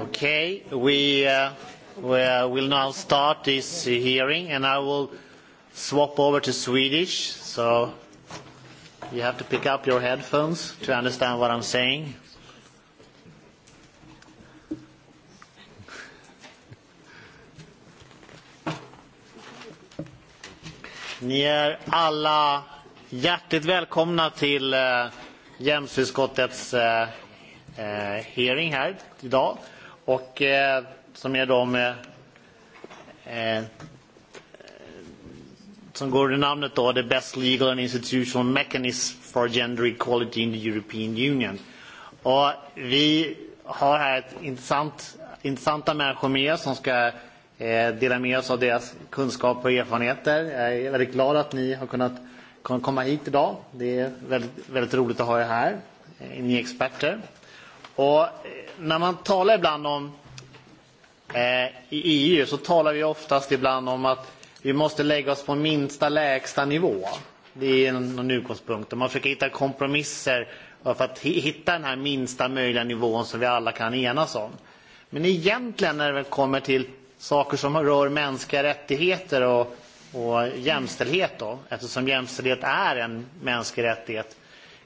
Okay, we, uh, we uh, will now start this hearing and I will swap over to Swedish. So you have to pick up your headphones to understand what I'm saying. Ni är alla hjärtligt välkomna till uh, jämställdhetsutskottets uh, eh, hearing här idag. Och eh, som är de eh, som går under namnet då The Best Legal and Institutional Mechanism for Gender Equality in the European Union. Och vi har här ett intressant, intressanta människor med som ska eh, dela med oss av deras kunskaper och erfarenheter. Jag är väldigt glad att ni har kunnat komma hit idag. Det är väldigt, väldigt roligt att ha er här. Eh, ni är experter. Och eh, när man talar ibland om eh, i EU så talar vi oftast ibland om att vi måste lägga oss på minsta lägsta nivå. Det är en, en utgångspunkt. man försöker hitta kompromisser för att hitta den här minsta möjliga nivån som vi alla kan enas om. Men egentligen när det kommer till saker som rör mänskliga rättigheter och, och jämställdhet då, eftersom jämställdhet är en mänsklig rättighet.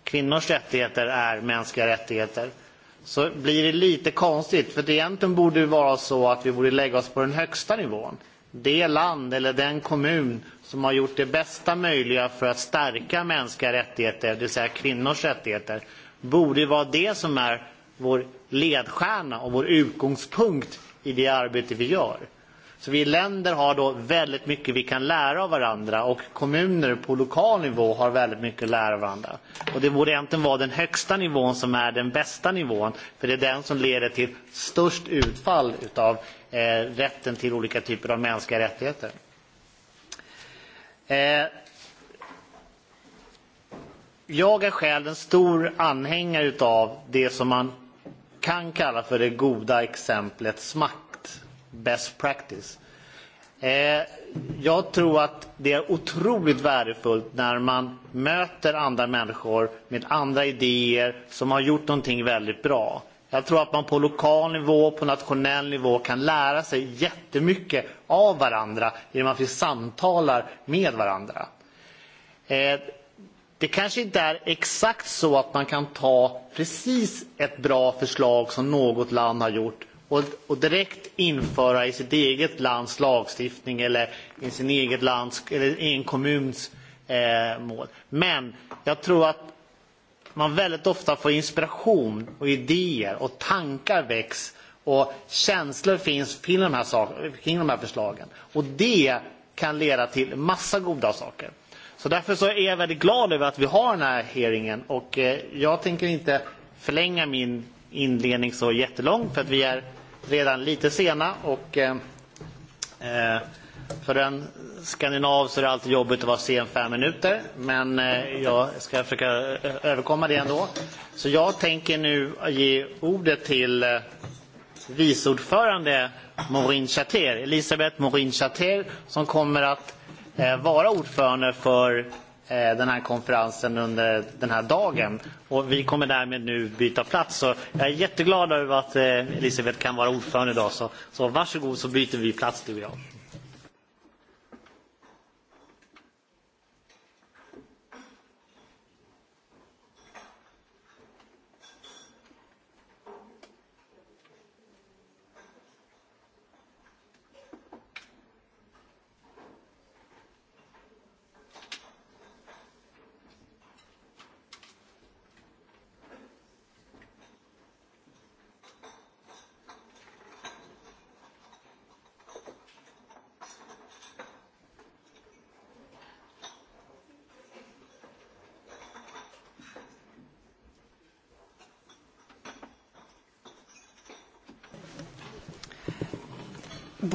Kvinnors rättigheter är mänskliga rättigheter så blir det lite konstigt. För egentligen borde det vara så att vi borde lägga oss på den högsta nivån. Det land eller den kommun som har gjort det bästa möjliga för att stärka mänskliga rättigheter, det vill säga kvinnors rättigheter, borde vara det som är vår ledstjärna och vår utgångspunkt i det arbete vi gör. Så vi länder har då väldigt mycket vi kan lära av varandra och kommuner på lokal nivå har väldigt mycket att lära av varandra. Och det borde egentligen vara den högsta nivån som är den bästa nivån för det är den som leder till störst utfall av eh, rätten till olika typer av mänskliga rättigheter. Eh, jag är själv en stor anhängare utav det som man kan kalla för det goda exemplets makt, best practice. Eh, jag tror att det är otroligt värdefullt när man möter andra människor med andra idéer som har gjort någonting väldigt bra. Jag tror att man på lokal nivå, på nationell nivå kan lära sig jättemycket av varandra genom att vi samtalar med varandra. Eh, det kanske inte är exakt så att man kan ta precis ett bra förslag som något land har gjort och, och direkt införa i sitt eget lands lagstiftning eller i sin eget lands eller i en kommuns eh, mål. Men jag tror att man väldigt ofta får inspiration och idéer och tankar väcks och känslor finns kring de här, saker, kring de här förslagen. Och det kan leda till massa goda saker. Så därför så är jag väldigt glad över att vi har den här hearingen och eh, jag tänker inte förlänga min inledning så jättelångt för att vi är redan lite sena och eh, eh, för en skandinav så är det alltid jobbigt att vara sen fem minuter. Men eh, jag ska försöka eh, överkomma det ändå. Så jag tänker nu ge ordet till eh, viceordförande Morin Chater, Elisabeth Morin Chater som kommer att eh, vara ordförande för Eh, den här konferensen under den här dagen. Och vi kommer därmed nu byta plats. Så jag är jätteglad över att eh, Elisabeth kan vara ordförande idag. Så, så varsågod så byter vi plats du och jag.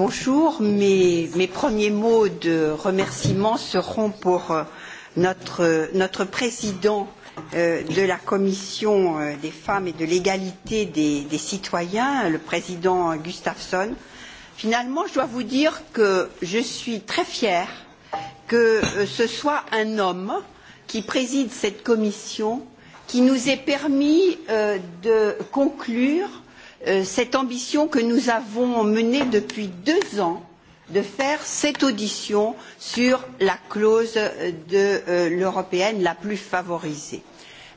bonjour. Mes, mes premiers mots de remerciement seront pour euh, notre, notre président euh, de la commission euh, des femmes et de l'égalité des, des citoyens, le président Gustafsson. Finalement, je dois vous dire que je suis très fière que ce soit un homme qui préside cette commission qui nous ait permis de conclure Euh, cette ambition que nous avons menée depuis deux ans de faire cette audition sur la clause de euh, l'européenne la plus favorisée.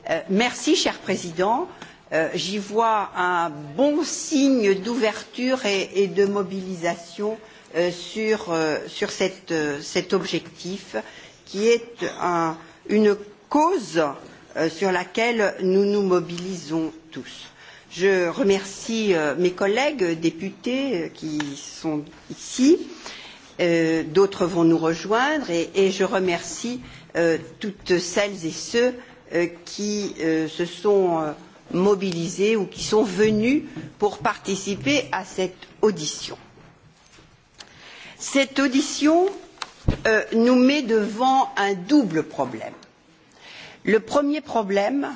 Euh, merci, cher président. Euh, J'y vois un bon signe d'ouverture et, et de mobilisation euh, sur, euh, sur cette, euh, cet objectif qui est un, une cause euh, sur laquelle nous nous mobilisons tous je remercie euh, mes collègues députés euh, qui sont ici. Euh, d'autres vont nous rejoindre et, et je remercie toutes celles et ceux qui se sont mobilisés ou qui sont venus pour participer à cette audition. Cette audition nous met devant un double problème. Le premier problème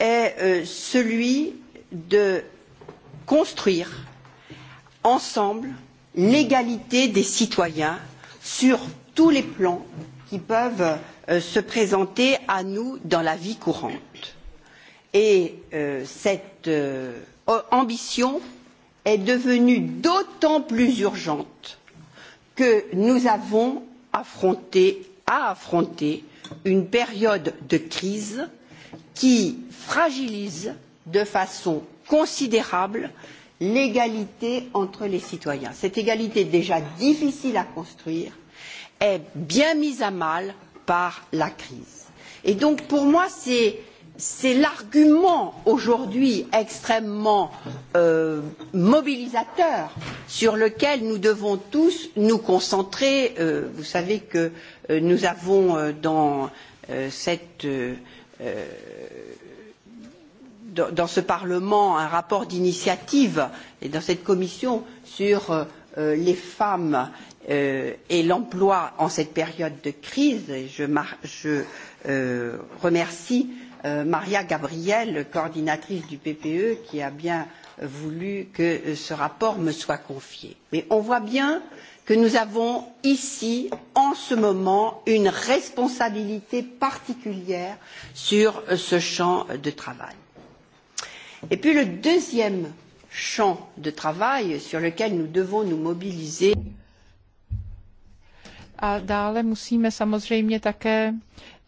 est celui de construire ensemble l'égalité des citoyens sur tous les plans qui peuvent euh, se présenter à nous dans la vie courante. Et euh, cette euh, ambition est devenue d'autant plus urgente que nous avons affronté, à affronter une période de crise qui fragilise euh, de façon considérable l'égalité entre les citoyens. Cette égalité déjà difficile à construire est bien mise à mal par la crise. Et donc pour moi c'est c'est l'argument aujourd'hui extrêmement euh, mobilisateur sur lequel nous devons tous nous concentrer. Euh, vous savez que euh, nous avons euh, dans euh, cette euh, dans ce Parlement un rapport d'initiative et dans cette commission sur euh, les femmes euh, et l'emploi en cette période de crise. Et je, je euh, remercie euh, Maria Gabriel, coordinatrice du PPE, qui a bien voulu que euh, ce rapport me soit confié. Mais on voit bien que nous avons ici, en ce moment, une responsabilité particulière sur ce champ de travail. Et puis le deuxième champ de travail sur lequel nous devons nous mobiliser. A dále musíme samozřejmě také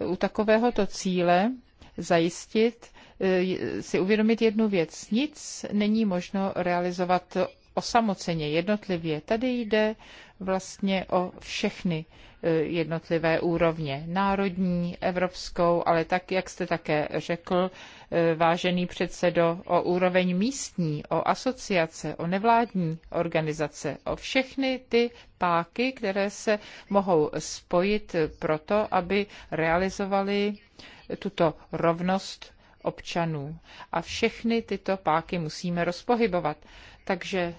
u takovéhoto cíle zajistit, e, si uvědomit jednu věc. Nic není možno realizovat osamoceně, jednotlivě. Tady jde vlastně o všechny e, jednotlivé úrovně, národní, evropskou, ale tak, jak jste také řekl, Eh, vážený předsedo, o úroveň místní, o asociace, o nevládní organizace, o všechny ty páky, které se mohou spojit proto, aby realizovali tuto rovnost občanů. A všechny tyto páky musíme rozpohybovat. Takže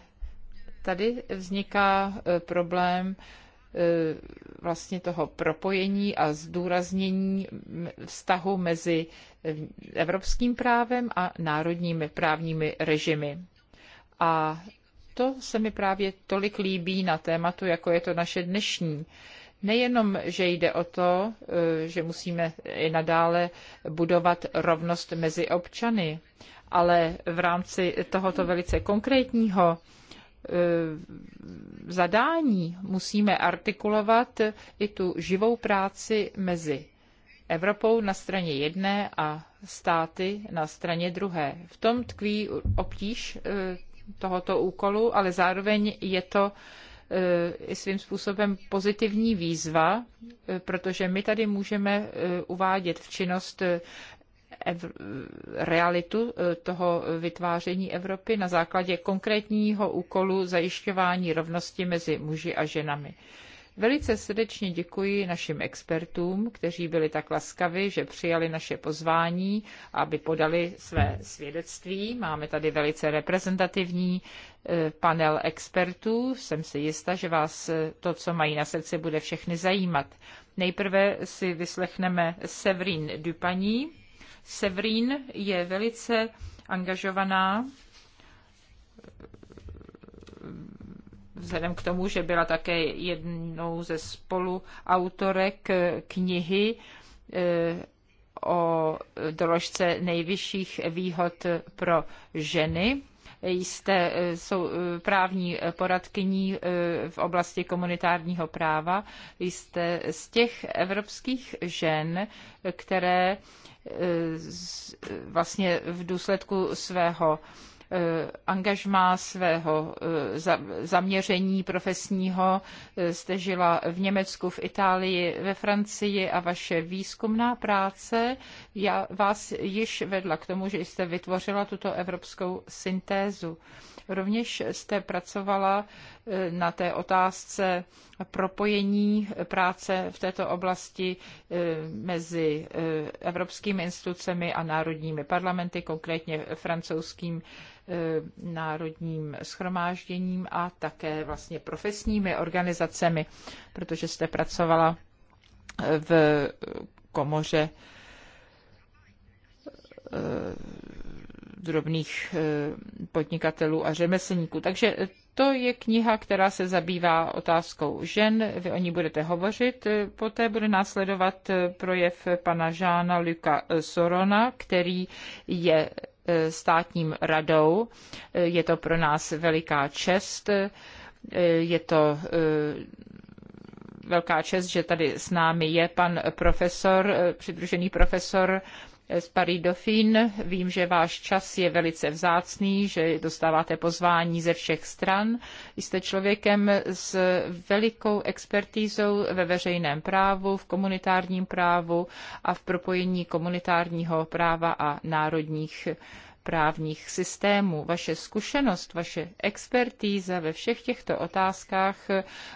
tady vzniká eh, problém Eh, vlastně toho propojení a zdůraznění vztahu mezi evropským právem a národními právními režimy. A to se mi právě tolik líbí na tématu, jako je to naše dnešní. Nejenom, že jde o to, eh, že musíme i nadále budovat rovnost mezi občany, ale v rámci tohoto velice konkrétního Eh, zadání musíme artikulovat i tu živou práci mezi Evropou na straně jedné a státy na straně druhé. V tom tkví obtíž eh, tohoto úkolu, ale zároveň je to eh, i svým způsobem pozitivní výzva, protože my tady můžeme uvádět v činnost realitu eh, toho vytváření Evropy na základě konkrétního úkolu zajišťování rovnosti mezi muži a ženami. Velice srdečně děkuji našim expertům, kteří byli tak laskavi, že přijali naše pozvání, aby podali své svědectví. Máme tady velice reprezentativní eh, panel expertů. Jsem si jista, že vás eh, to, co mají na srdci, bude všechny zajímat. Nejprve si vyslechneme Severin Dupaní, Severín je velice angažovaná vzhledem k tomu, že byla také jednou ze spoluautorek knihy eh, o doložce nejvyšších výhod pro ženy. Jste eh, jsou eh, právní poradkyní v oblasti komunitárního práva. Jste z těch evropských žen, které vlastně v důsledku svého eh, angažmá svého eh, zaměření profesního. Eh, jste žila v Německu, v Itálii, ve Francii a vaše výzkumná práce já vás již vedla k tomu, že jste vytvořila tuto evropskou syntézu. Rovněž jste pracovala na té otázce propojení práce v této oblasti eh, mezi eh, evropskými institucemi a národními parlamenty, konkrétně francouzským eh, národním schromážděním a také vlastně profesními organizacemi, protože jste pracovala v komoře drobných podnikatelů a řemeslníků. Takže to je kniha, která se zabývá otázkou žen. Vy o ní budete hovořit. Poté bude následovat projev pana Žána Luka Sorona, který je eh, státním radou. Je to pro nás veliká čest. Eh, je to eh, velká čest, že tady s námi je pan profesor, přidružený profesor Sparidofin, vím, že váš čas je velice vzácný, že dostáváte pozvání ze všech stran. Jste člověkem s velikou expertízou ve veřejném právu, v komunitárním právu a v propojení komunitárního práva a národních právních systémů. Vaše zkušenost, vaše expertíza ve všech těchto otázkách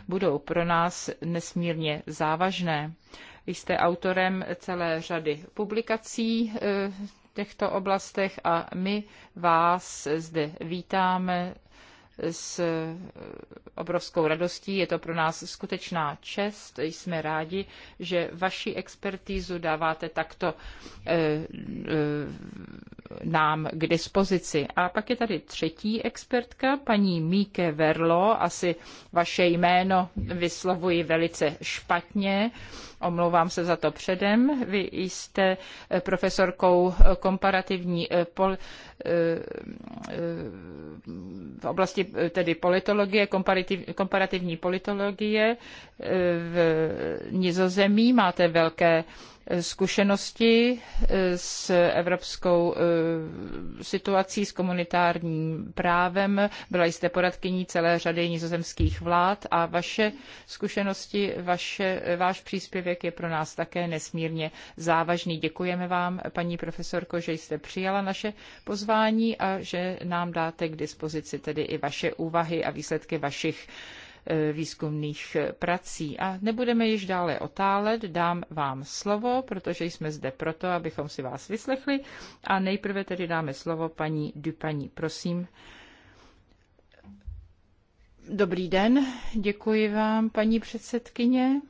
budou pro nás nesmírně závažné. Jste autorem celé řady publikací v eh, těchto oblastech a my vás zde vítáme s eh, obrovskou radostí. Je to pro nás skutečná čest. Jsme rádi, že vaši expertízu dáváte takto eh, nám k dispozici. A pak je tady třetí expertka, paní Míke Verlo. Asi vaše jméno vyslovuji velice špatně. Omlouvám se za to předem. Vy jste eh, profesorkou eh, komparativní eh, pol, v oblasti tedy politologie, komparativ, komparativní politologie v Nizozemí. Máte velké zkušenosti eh, s evropskou eh, situací, s komunitárním právem. Byla jste poradkyní celé řady nizozemských vlád a vaše zkušenosti, vaše, eh, váš příspěvek je pro nás také nesmírně závažný. Děkujeme vám, paní profesorko, že jste přijala naše pozvání a že nám dáte k dispozici tedy i vaše úvahy a výsledky vašich Eh, výzkumných eh, prací. A nebudeme již dále otálet, dám vám slovo, protože jsme zde proto, abychom si vás vyslechli. A nejprve tedy dáme slovo paní Dupaní. Prosím. Dobrý den, děkuji vám, paní předsedkyně.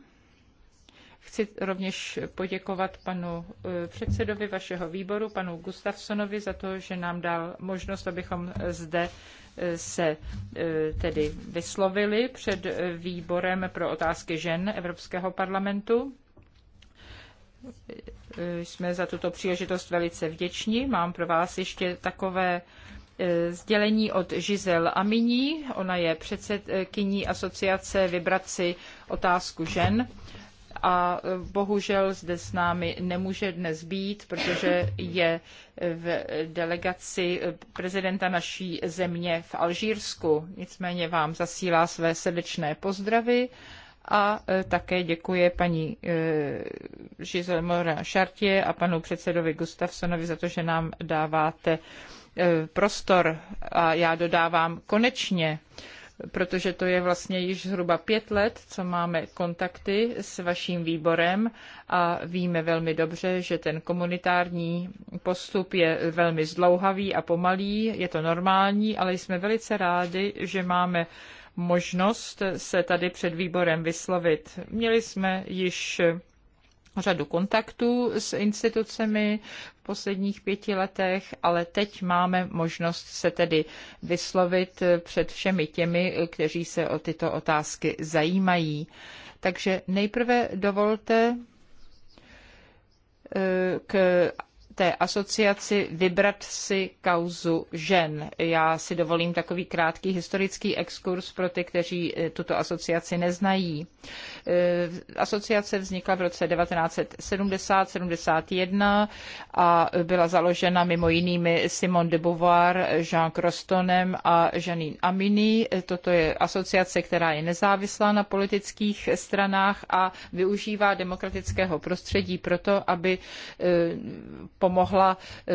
Chci rovněž poděkovat panu eh, předsedovi vašeho výboru, panu Gustafsonovi, za to, že nám dal možnost, abychom zde eh, se eh, tedy vyslovili před výborem pro otázky žen Evropského parlamentu. Jsme za tuto příležitost velice vděční. Mám pro vás ještě takové sdělení od Žizel Aminí. Ona je předsedkyní asociace Vibraci otázku žen a bohužel zde s námi nemůže dnes být, protože je v delegaci prezidenta naší země v Alžírsku. Nicméně vám zasílá své srdečné pozdravy a e, také děkuje paní e, Giselle Mora Chartier a panu předsedovi Gustafsonovi za to, že nám dáváte e, prostor a já dodávám konečně protože to je vlastně již zhruba pět let, co máme kontakty s vaším výborem a víme velmi dobře, že ten komunitární postup je velmi zdlouhavý a pomalý, je to normální, ale jsme velice rádi, že máme možnost se tady před výborem vyslovit. Měli jsme již řadu kontaktů s institucemi v posledních pěti letech, ale teď máme možnost se tedy vyslovit před všemi těmi, kteří se o tyto otázky zajímají. Takže nejprve dovolte eh, k té asociaci vybrat si kauzu žen. Já si dovolím takový krátký historický exkurs pro ty, kteří eh, tuto asociaci neznají. Eh, asociace vznikla v roce 1970-71 a byla založena mimo jinými Simone de Beauvoir, Jean Crostonem a Jeanine Amini. Toto je asociace, která je nezávislá na politických stranách a využívá demokratického prostředí proto, aby pomohla eh, pomohla eh,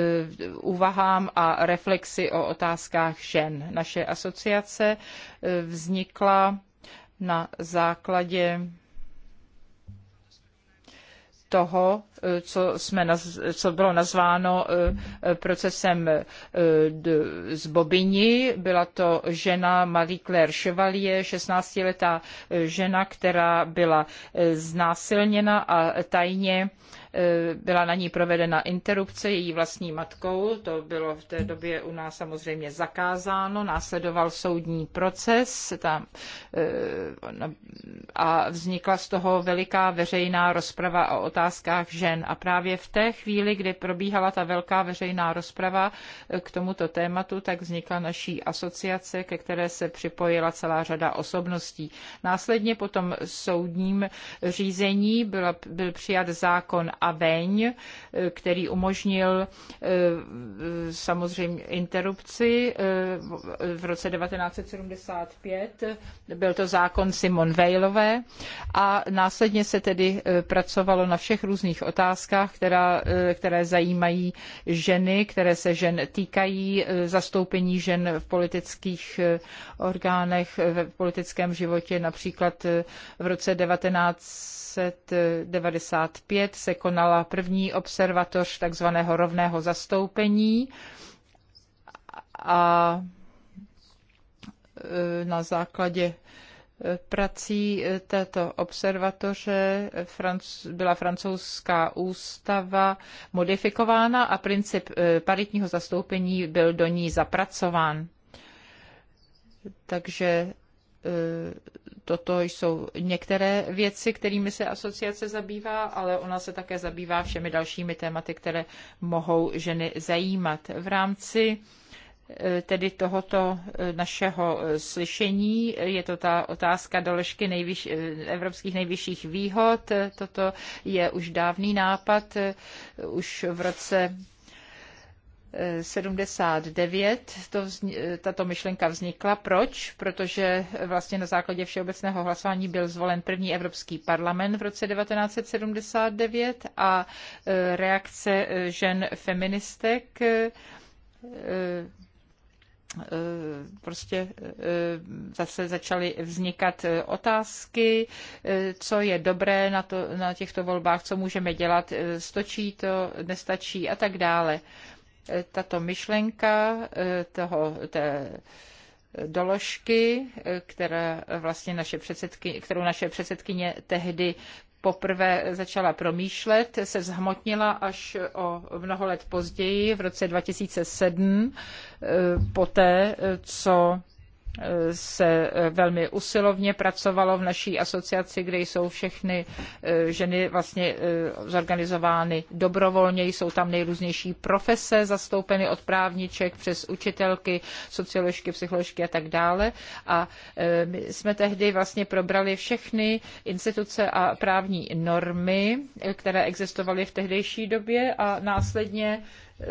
úvahám a reflexi o otázkách žen. Naše asociace eh, vznikla na základě toho, eh, co, jsme, co bylo nazváno procesem z Bobini. Byla to žena Marie Claire Chevalier, 16-letá žena, která byla znásilněna a tajně byla na ní provedena interrupce její vlastní matkou, to bylo v té době u nás samozřejmě zakázáno, následoval soudní proces tam, eh, a vznikla z toho veliká veřejná rozprava o otázkách žen. A právě v té chvíli, kdy probíhala ta velká veřejná rozprava eh, k tomuto tématu, tak vznikla naší asociace, ke které se připojila celá řada osobností. Následně po tom soudním řízení byla, byl přijat zákon a veň, eh, který umožnil eh, samozřejmě interrupci eh, v roce 1975. Byl to zákon Simon Weilové a následně se tedy pracovalo na všech různých otázkách, která, které zajímají ženy, které se žen týkají, zastoupení žen v politických orgánech, v politickém životě. Například v roce 1995 se konal konala první observatoř tzv. rovného zastoupení a e, na základě e, prací e, této observatoře byla francouzská ústava modifikována a princip paritního zastoupení byl do ní zapracován. Takže Eh, toto jsou některé věci, kterými se asociace zabývá, ale ona se také zabývá všemi dalšími tématy, které mohou ženy zajímat. V rámci eh, tedy tohoto eh, našeho slyšení. Je to ta otázka doložky nejvyš, evropských nejvyšších výhod. Toto je už dávný nápad. Už v roce 79 to vzni, tato myšlenka vznikla. Proč? Protože vlastně na základě všeobecného hlasování byl zvolen první Evropský parlament v roce 1979 a e, reakce e, žen feministek e, prostě zase začaly vznikat otázky, co je dobré na, to, na těchto volbách, co můžeme dělat, stočí to, nestačí a tak dále tato myšlenka eh, toho, té doložky, eh, která vlastně naše předsedky, kterou naše předsedkyně tehdy poprvé začala promýšlet, se zhmotnila až o mnoho let později, v roce 2007, eh, poté, co se eh, velmi usilovně pracovalo v naší asociaci, kde jsou všechny eh, ženy vlastně eh, zorganizovány dobrovolně, jsou tam nejrůznější profese zastoupeny od právniček přes učitelky, socioložky, psycholožky a tak dále. A my jsme tehdy vlastně probrali všechny instituce a právní normy, které existovaly v tehdejší době a následně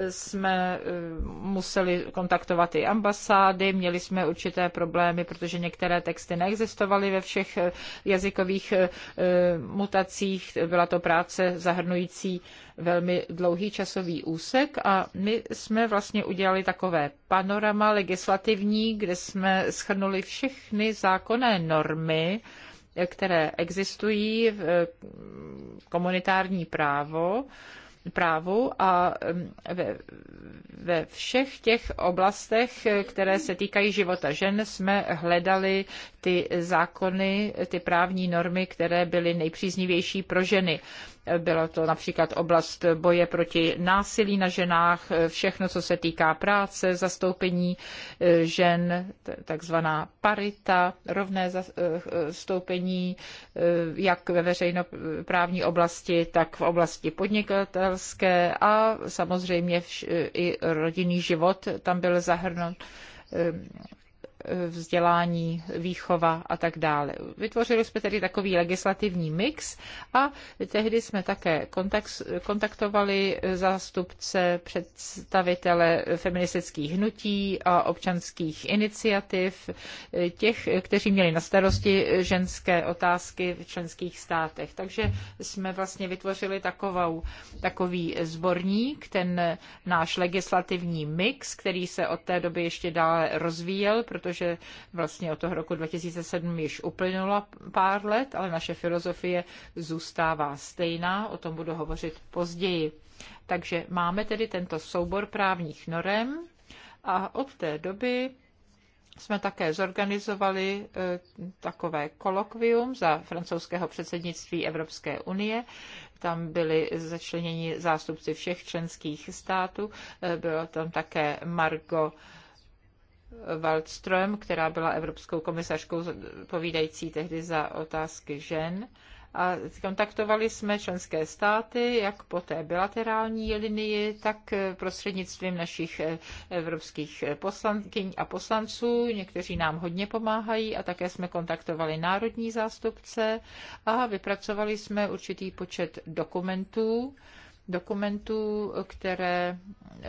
jsme eh, museli kontaktovat i ambasády, měli jsme určité problémy, protože některé texty neexistovaly ve všech eh, jazykových eh, mutacích. Byla to práce zahrnující velmi dlouhý časový úsek a my jsme vlastně udělali takové panorama legislativní, kde jsme schrnuli všechny zákonné normy, které existují v komunitární právo právu a mm, ve, ve všech těch oblastech, které se týkají života žen, jsme hledali ty zákony, ty právní normy, které byly nejpříznivější pro ženy. Byla to například oblast boje proti násilí na ženách, všechno, co se týká práce, zastoupení eh, žen, takzvaná parita, rovné eh, zastoupení eh, jak ve veřejnoprávní oblasti, tak v oblasti podnikatelské a samozřejmě i rodinný život tam byl zahrnut vzdělání, výchova a tak dále. Vytvořili jsme tedy takový legislativní mix a tehdy jsme také kontakt, kontaktovali zástupce, představitele feministických hnutí a občanských iniciativ, těch, kteří měli na starosti ženské otázky v členských státech. Takže jsme vlastně vytvořili takovou, takový zborník, ten náš legislativní mix, který se od té doby ještě dále rozvíjel, protože protože vlastně od toho roku 2007 již uplynula pár let, ale naše filozofie zůstává stejná, o tom budu hovořit později. Takže máme tedy tento soubor právních norem a od té doby jsme také zorganizovali e, takové kolokvium za francouzského předsednictví Evropské unie. Tam byli začleněni zástupci všech členských států. E, bylo tam také Margot Waldström, která byla evropskou komisařkou povídající tehdy za otázky žen. A kontaktovali jsme členské státy, jak po té bilaterální linii, tak prostřednictvím našich evropských poslankyň a poslanců. Někteří nám hodně pomáhají a také jsme kontaktovali národní zástupce a vypracovali jsme určitý počet dokumentů, dokumentů, které eh,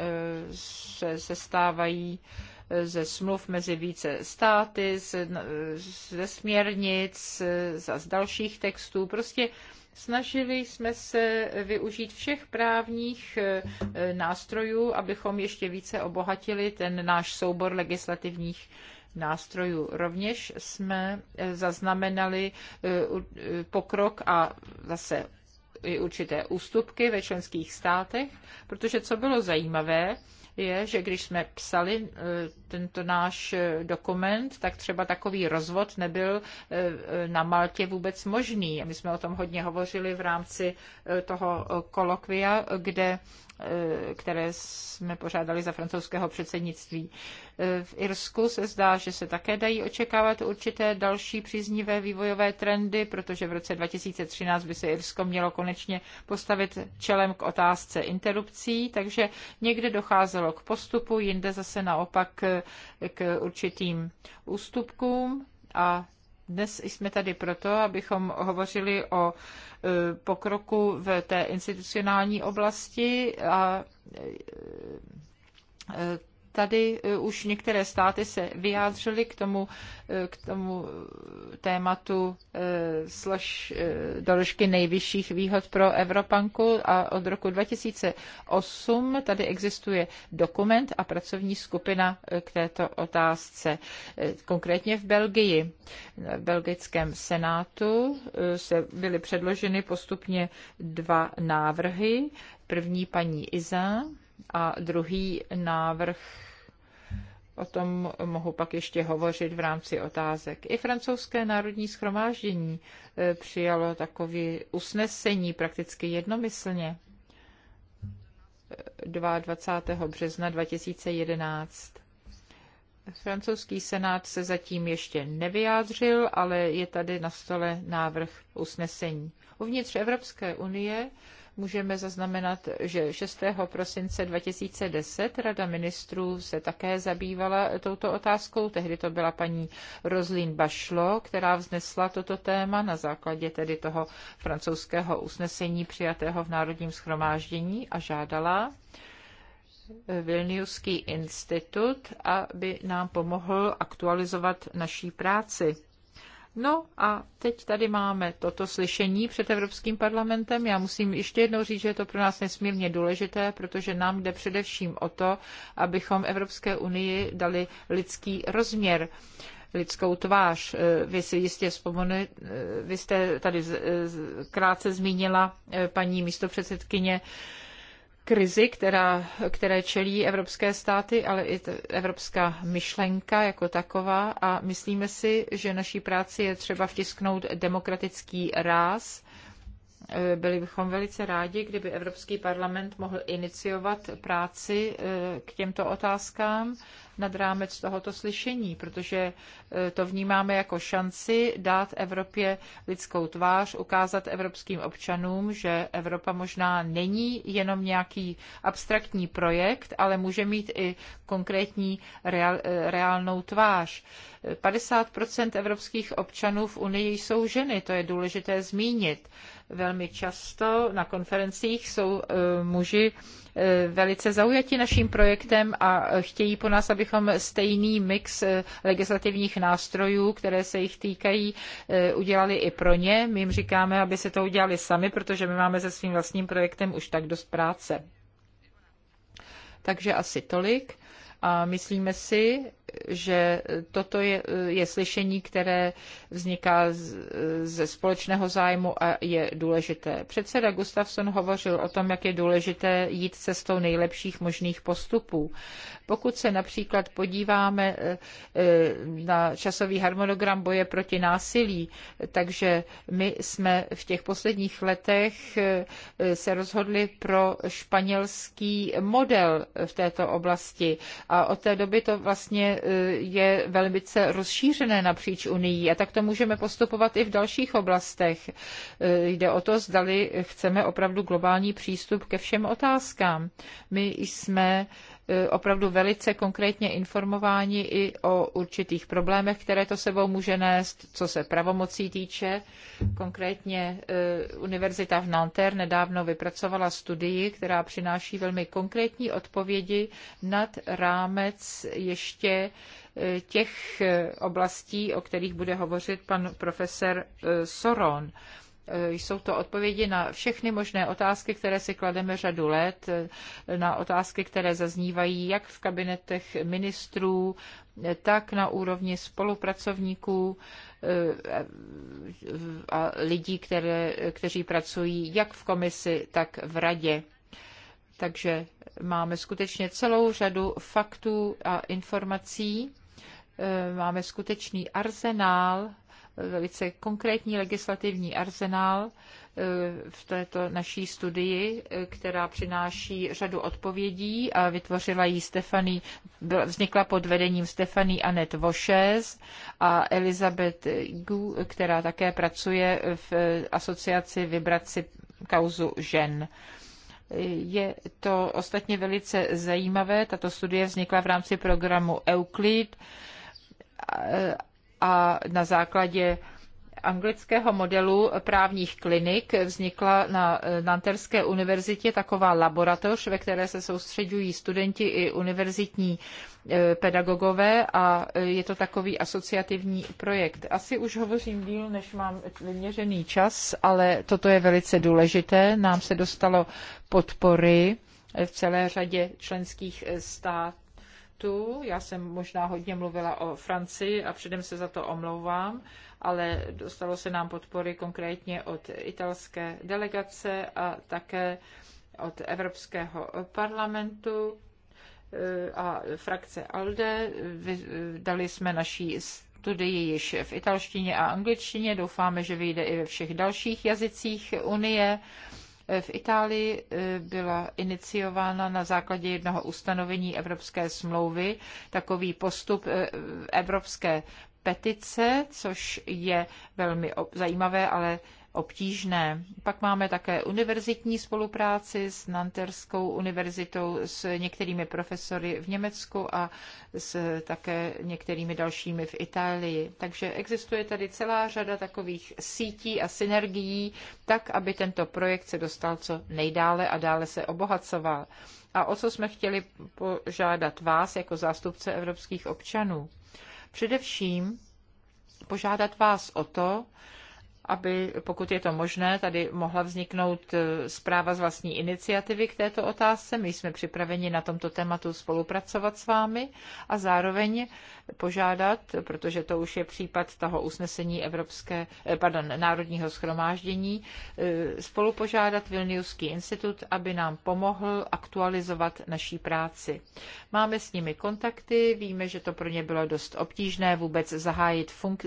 se sestávají ze smluv mezi více státy, ze směrnic, a z dalších textů. Prostě Snažili jsme se využít všech právních e, e, nástrojů, abychom ještě více obohatili ten náš soubor legislativních nástrojů. Rovněž jsme e, zaznamenali pokrok a zase i určité ústupky ve členských státech, protože co bylo zajímavé, je, že když jsme psali e, tento náš e, dokument, tak třeba takový rozvod nebyl e, na Maltě vůbec možný. My jsme o tom hodně hovořili v rámci toho kolokvia, kde Eh, které jsme pořádali za francouzského předsednictví. Eh, v Irsku se zdá, že se také dají očekávat určité další příznivé vývojové trendy, protože v roce 2013 by se Irsko mělo konečně postavit čelem k otázce interrupcí, takže někde docházelo k postupu, jinde zase naopak eh, k určitým ústupkům a dnes jsme tady proto, abychom hovořili o e, pokroku v té institucionální oblasti a e, e, tady e, už některé státy se vyjádřily k tomu, e, k tomu tématu e, slož, doložky nejvyšších výhod pro Evropanku a od roku 2008 tady existuje dokument a pracovní skupina k této otázce. Konkrétně v Belgii, v belgickém senátu se byly předloženy postupně dva návrhy. První paní Iza, a druhý návrh, o tom mohu pak ještě hovořit v rámci otázek. I francouzské národní schromáždění eh, přijalo takové usnesení prakticky jednomyslně 22. Eh, března 2011. Francouzský senát se zatím ještě nevyjádřil, ale je tady na stole návrh usnesení. Uvnitř Evropské unie můžeme zaznamenat, že 6. prosince 2010 Rada ministrů se také zabývala touto otázkou. Tehdy to byla paní Rozlín Bašlo, která vznesla toto téma na základě tedy toho francouzského usnesení přijatého v Národním schromáždění a žádala Vilniuský institut, aby nám pomohl aktualizovat naší práci. No a teď tady máme toto slyšení před Evropským parlamentem. Já musím ještě jednou říct, že je to pro nás nesmírně důležité, protože nám jde především o to, abychom Evropské unii dali lidský rozměr lidskou tvář. Eh, vy si jistě vzpomenu, eh, vy jste tady krátce zmínila eh, paní místopředsedkyně krizi, která, které čelí evropské státy, ale i evropská myšlenka jako taková a myslíme si, že naší práci je třeba vtisknout demokratický ráz. Eh, byli bychom velice rádi, kdyby Evropský parlament mohl iniciovat práci eh, k těmto otázkám nad rámec tohoto slyšení, protože e, to vnímáme jako šanci dát Evropě lidskou tvář, ukázat evropským občanům, že Evropa možná není jenom nějaký abstraktní projekt, ale může mít i konkrétní reál, e, reálnou tvář. 50 evropských občanů v Unii jsou ženy, to je důležité zmínit. Velmi často na konferencích jsou e, muži velice zaujati naším projektem a chtějí po nás, abychom stejný mix eh, legislativních nástrojů, které se jich týkají, eh, udělali i pro ně. My jim říkáme, aby se to udělali sami, protože my máme se svým vlastním projektem už tak dost práce. Takže asi tolik. A myslíme si, že toto je, je slyšení, které vzniká z, ze společného zájmu a je důležité. Předseda Gustafsson hovořil o tom, jak je důležité jít cestou nejlepších možných postupů. Pokud se například podíváme e, e, na časový harmonogram boje proti násilí, takže my jsme v těch posledních letech e, se rozhodli pro španělský model v této oblasti a od té doby to vlastně e, je velice rozšířené napříč Unii. A tak to můžeme postupovat i v dalších oblastech. E, jde o to, zdali chceme opravdu globální přístup ke všem otázkám. My jsme E, opravdu velice konkrétně informováni i o určitých problémech, které to sebou může nést, co se pravomocí týče. Konkrétně e, Univerzita v Nanterre nedávno vypracovala studii, která přináší velmi konkrétní odpovědi nad rámec ještě e, těch oblastí, o kterých bude hovořit pan profesor Soron. Eh, jsou to odpovědi na všechny možné otázky, které si klademe řadu let, eh, na otázky, které zaznívají jak v kabinetech ministrů, eh, tak na úrovni spolupracovníků a lidí, které, kteří pracují jak v komisi, tak v radě. Takže máme skutečně celou řadu faktů a informací. Máme skutečný arzenál velice konkrétní legislativní arzenál eh, v této naší studii, eh, která přináší řadu odpovědí a vytvořila ji Stefany, vznikla pod vedením Stefany Anet Vošes a Elizabeth Gu, která také pracuje v eh, asociaci Vibraci kauzu žen. Je to ostatně velice zajímavé. Tato studie vznikla v rámci programu Euclid a na základě anglického modelu právních klinik vznikla eh, na Nanterské univerzitě taková laboratoř, ve které se soustředují studenti i univerzitní eh, pedagogové a eh, je to takový asociativní projekt. Asi už hovořím díl, než mám vyměřený čas, ale toto je velice důležité. Nám se dostalo podpory v celé řadě členských států kontaktů. Já jsem možná hodně mluvila o Francii a předem se za to omlouvám, ale dostalo se nám podpory konkrétně od italské delegace a také od Evropského parlamentu eh, a frakce ALDE. Eh, dali jsme naší studii již v italštině a angličtině. Doufáme, že vyjde i ve všech dalších jazycích Unie v Itálii eh, byla iniciována na základě jednoho ustanovení Evropské smlouvy takový postup eh, Evropské petice, což je velmi zajímavé, ale obtížné. Pak máme také univerzitní spolupráci s Nanterskou univerzitou, s některými profesory v Německu a s také některými dalšími v Itálii. Takže existuje tady celá řada takových sítí a synergií, tak aby tento projekt se dostal co nejdále a dále se obohacoval. A o co jsme chtěli požádat vás jako zástupce evropských občanů? Především požádat vás o to, aby, pokud je to možné, tady mohla vzniknout eh, zpráva z vlastní iniciativy k této otázce. My jsme připraveni na tomto tématu spolupracovat s vámi a zároveň požádat, protože to už je případ toho usnesení Evropské, eh, pardon, Národního schromáždění, eh, spolu požádat Vilniuský institut, aby nám pomohl aktualizovat naší práci. Máme s nimi kontakty, víme, že to pro ně bylo dost obtížné vůbec zahájit, funk,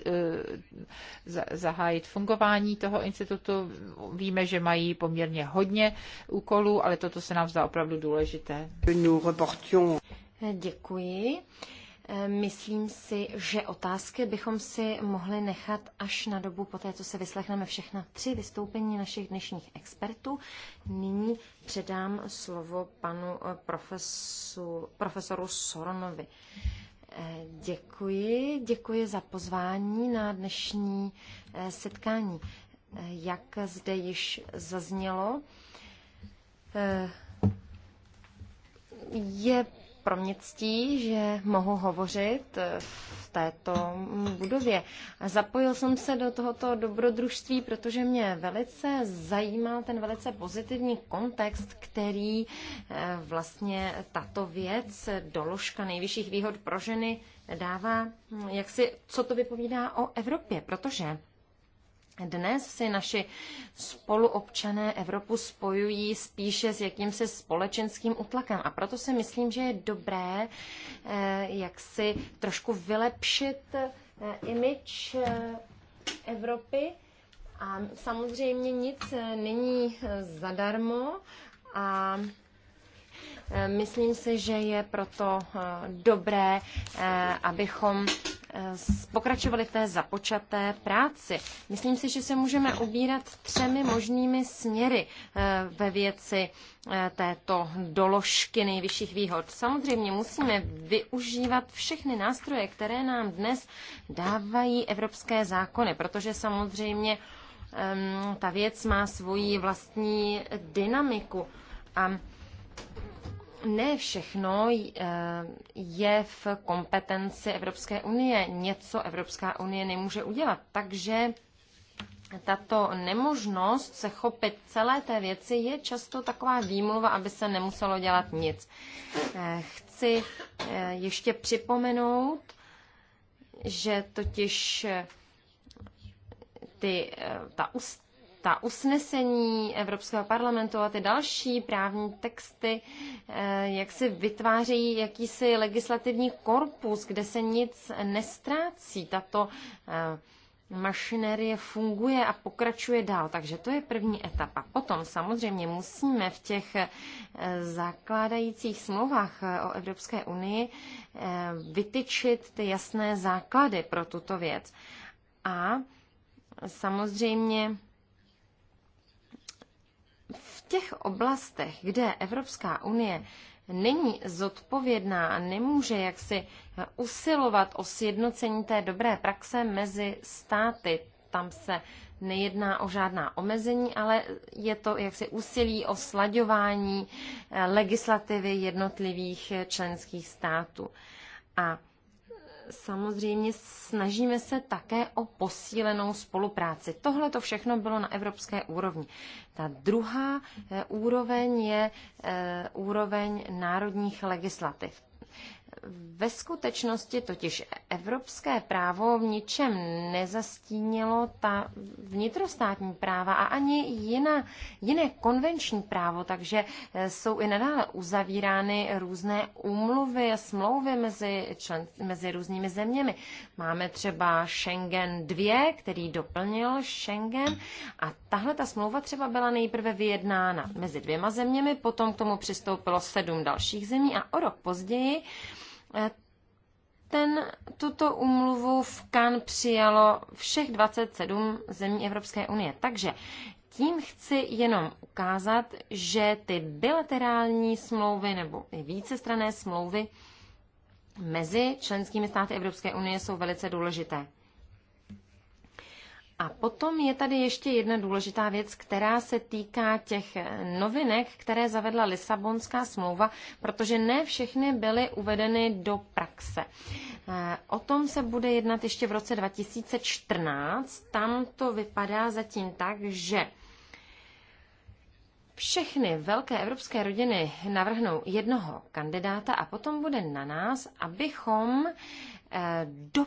zahájit funk fungování toho institutu. Víme, že mají poměrně hodně úkolů, ale toto se nám zdá opravdu důležité. Děkuji. Myslím si, že otázky bychom si mohli nechat až na dobu poté, co se vyslechneme všechna tři vystoupení našich dnešních expertů. Nyní předám slovo panu profesu, profesoru Soronovi. Eh, děkuji, děkuji za pozvání na dnešní eh, setkání. Eh, jak zde již zaznělo, je pro mě ctí, že mohu hovořit v této budově. Zapojil jsem se do tohoto dobrodružství, protože mě velice zajímal ten velice pozitivní kontext, který eh, vlastně tato věc, doložka nejvyšších výhod pro ženy, dává, hm, jak si, co to vypovídá o Evropě, protože dnes si naši spoluobčané Evropu spojují spíše s jakýmsi společenským utlakem a proto si myslím, že je dobré eh, jak si trošku vylepšit eh, image eh, Evropy a samozřejmě nic není zadarmo a myslím si, že je proto dobré, abychom pokračovali v té započaté práci. Myslím si, že se můžeme ubírat třemi možnými směry eh, ve věci eh, této doložky nejvyšších výhod. Samozřejmě musíme využívat všechny nástroje, které nám dnes dávají evropské zákony, protože samozřejmě ehm, ta věc má svoji vlastní dynamiku. A ne všechno eh, je v kompetenci Evropské unie. Něco Evropská unie nemůže udělat. Takže tato nemožnost se chopit celé té věci je často taková výmluva, aby se nemuselo dělat nic. Eh, chci eh, ještě připomenout, že totiž ty, ta, ta usnesení Evropského parlamentu a ty další právní texty, eh, jak si vytvářejí jakýsi legislativní korpus, kde se nic nestrácí. Tato eh, mašinerie funguje a pokračuje dál. Takže to je první etapa. Potom samozřejmě musíme v těch eh, zakládajících smlouvách o Evropské unii vytyčit ty jasné základy pro tuto věc. A samozřejmě v těch oblastech, kde Evropská unie není zodpovědná a nemůže jaksi usilovat o sjednocení té dobré praxe mezi státy, tam se nejedná o žádná omezení, ale je to jaksi úsilí o slaďování eh, legislativy jednotlivých eh, členských států. A samozřejmě snažíme se také o posílenou spolupráci. Tohle to všechno bylo na evropské úrovni. Ta druhá eh, úroveň je eh, úroveň národních legislativ. Ve skutečnosti totiž evropské právo v ničem nezastínilo ta vnitrostátní práva a ani jiná, jiné konvenční právo, takže eh, jsou i nadále uzavírány různé úmluvy a smlouvy mezi, člen, mezi různými zeměmi. Máme třeba Schengen 2, který doplnil Schengen a tahle ta smlouva třeba byla nejprve vyjednána mezi dvěma zeměmi, potom k tomu přistoupilo sedm dalších zemí a o rok později Eh, ten, tuto umluvu v Kan přijalo všech 27 zemí Evropské unie. Takže tím chci jenom ukázat, že ty bilaterální smlouvy nebo i vícestrané smlouvy mezi členskými státy Evropské unie jsou velice důležité. A potom je tady ještě jedna důležitá věc, která se týká těch novinek, které zavedla Lisabonská smlouva, protože ne všechny byly uvedeny do praxe. Eh, o tom se bude jednat ještě v roce 2014. Tam to vypadá zatím tak, že všechny velké evropské rodiny navrhnou jednoho kandidáta a potom bude na nás, abychom eh, do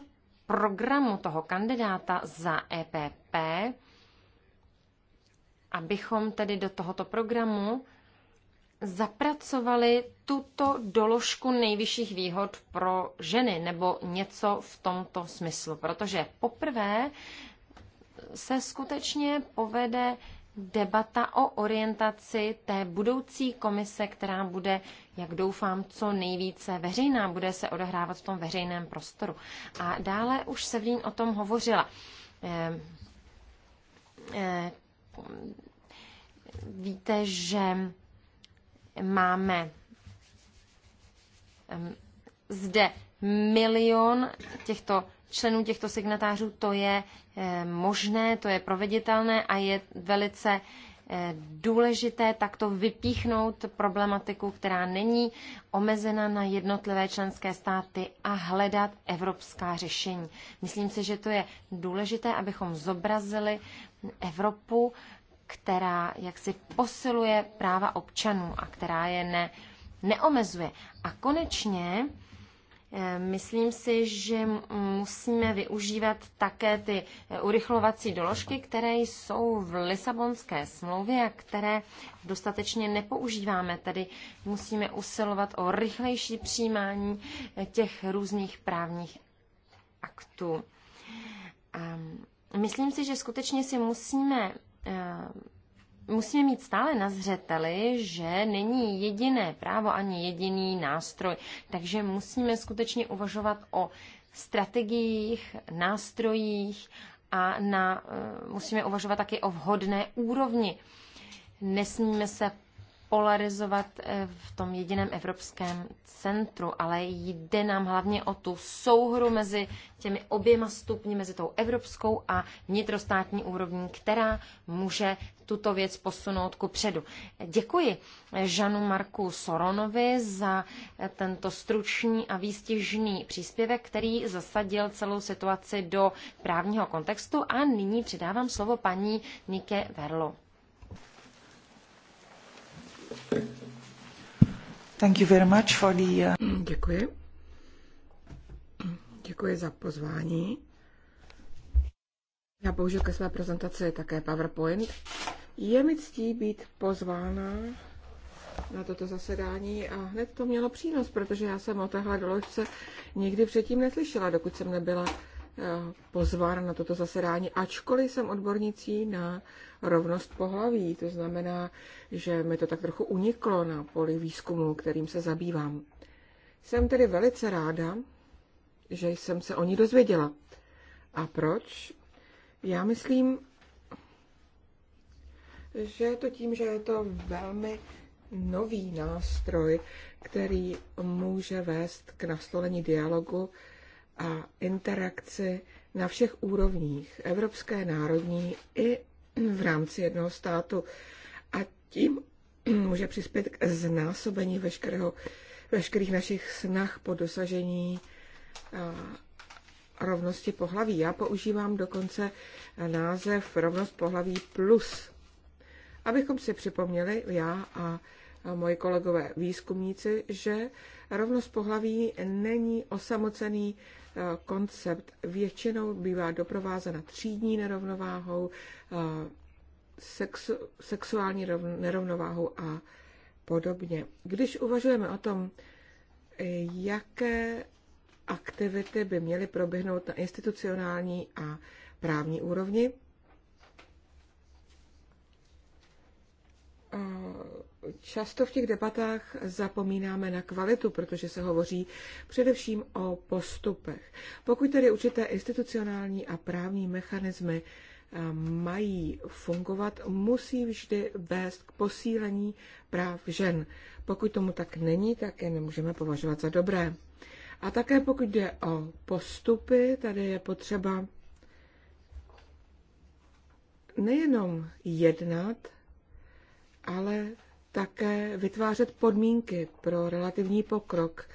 programu toho kandidáta za EPP, abychom tedy do tohoto programu zapracovali tuto doložku nejvyšších výhod pro ženy nebo něco v tomto smyslu, protože poprvé se skutečně povede debata o orientaci té budoucí komise, která bude, jak doufám, co nejvíce veřejná, bude se odehrávat v tom veřejném prostoru. A dále už Sevlín o tom hovořila. Eh, eh, víte, že máme zde milion těchto členů těchto signatářů, to je eh, možné, to je proveditelné a je velice eh, důležité takto vypíchnout problematiku, která není omezena na jednotlivé členské státy a hledat evropská řešení. Myslím si, že to je důležité, abychom zobrazili Evropu, která jaksi posiluje práva občanů a která je ne, neomezuje. A konečně Eh, myslím si, že musíme využívat také ty eh, urychlovací doložky, které jsou v Lisabonské smlouvě a které dostatečně nepoužíváme. Tedy musíme usilovat o rychlejší přijímání eh, těch různých právních aktů. Mm, myslím si, že skutečně si musíme musíme mít stále na zřeteli, že není jediné právo ani jediný nástroj. Takže musíme skutečně uvažovat o strategiích, nástrojích a na, eh, musíme uvažovat taky o vhodné úrovni. Nesmíme se polarizovat eh, v tom jediném evropském centru, ale jde nám hlavně o tu souhru mezi těmi oběma stupni, mezi tou evropskou a vnitrostátní úrovní, která může tuto věc posunout ku předu. Děkuji Žanu Marku Soronovi za eh, tento stručný a výstižný příspěvek, který zasadil celou situaci do právního kontextu a nyní předávám slovo paní Nike Verlo. Thank you very much for the... Uh, Děkuji. Děkuji za pozvání. Já použiju ke své prezentaci také PowerPoint. Je mi ctí být pozvána na toto zasedání a hned to mělo přínos, protože já jsem o téhle doložce nikdy předtím neslyšela, dokud jsem nebyla pozván na toto zasedání, ačkoliv jsem odbornicí na rovnost pohlaví. To znamená, že mi to tak trochu uniklo na poli výzkumu, kterým se zabývám. Jsem tedy velice ráda, že jsem se o ní dozvěděla. A proč? Já myslím, že je to tím, že je to velmi nový nástroj, který může vést k nastolení dialogu a interakci na všech úrovních, evropské, národní i v rámci jednoho státu. A tím může přispět k znásobení veškerého, veškerých našich snah po dosažení rovnosti pohlaví. Já používám dokonce název rovnost pohlaví plus. Abychom si připomněli, já a moji kolegové výzkumníci, že Rovnost pohlaví není osamocený eh, koncept. Většinou bývá doprovázena třídní nerovnováhou, eh, sexu, sexuální nerovnováhou a podobně. Když uvažujeme o tom, eh, jaké aktivity by měly proběhnout na institucionální a právní úrovni, Často v těch debatách zapomínáme na kvalitu, protože se hovoří především o postupech. Pokud tedy určité institucionální a právní mechanismy eh, mají fungovat, musí vždy vést k posílení práv žen. Pokud tomu tak není, tak je nemůžeme považovat za dobré. A také pokud jde o postupy, tady je potřeba nejenom jednat, ale také vytvářet podmínky pro relativní pokrok.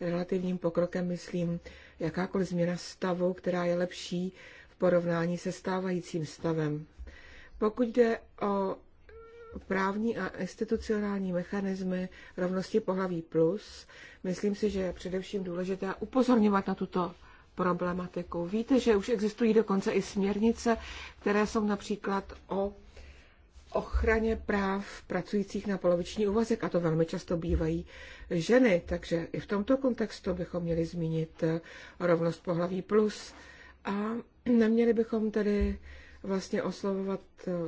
Relativním pokrokem myslím jakákoliv změna stavu, která je lepší v porovnání se stávajícím stavem. Pokud jde o právní a institucionální mechanismy rovnosti pohlaví plus, myslím si, že je především důležité upozorňovat na tuto problematiku. Víte, že už existují dokonce i směrnice, které jsou například o ochraně práv pracujících na poloviční úvazek, a to velmi často bývají ženy. Takže i v tomto kontextu bychom měli zmínit eh, rovnost pohlaví plus a neměli bychom tedy vlastně oslovovat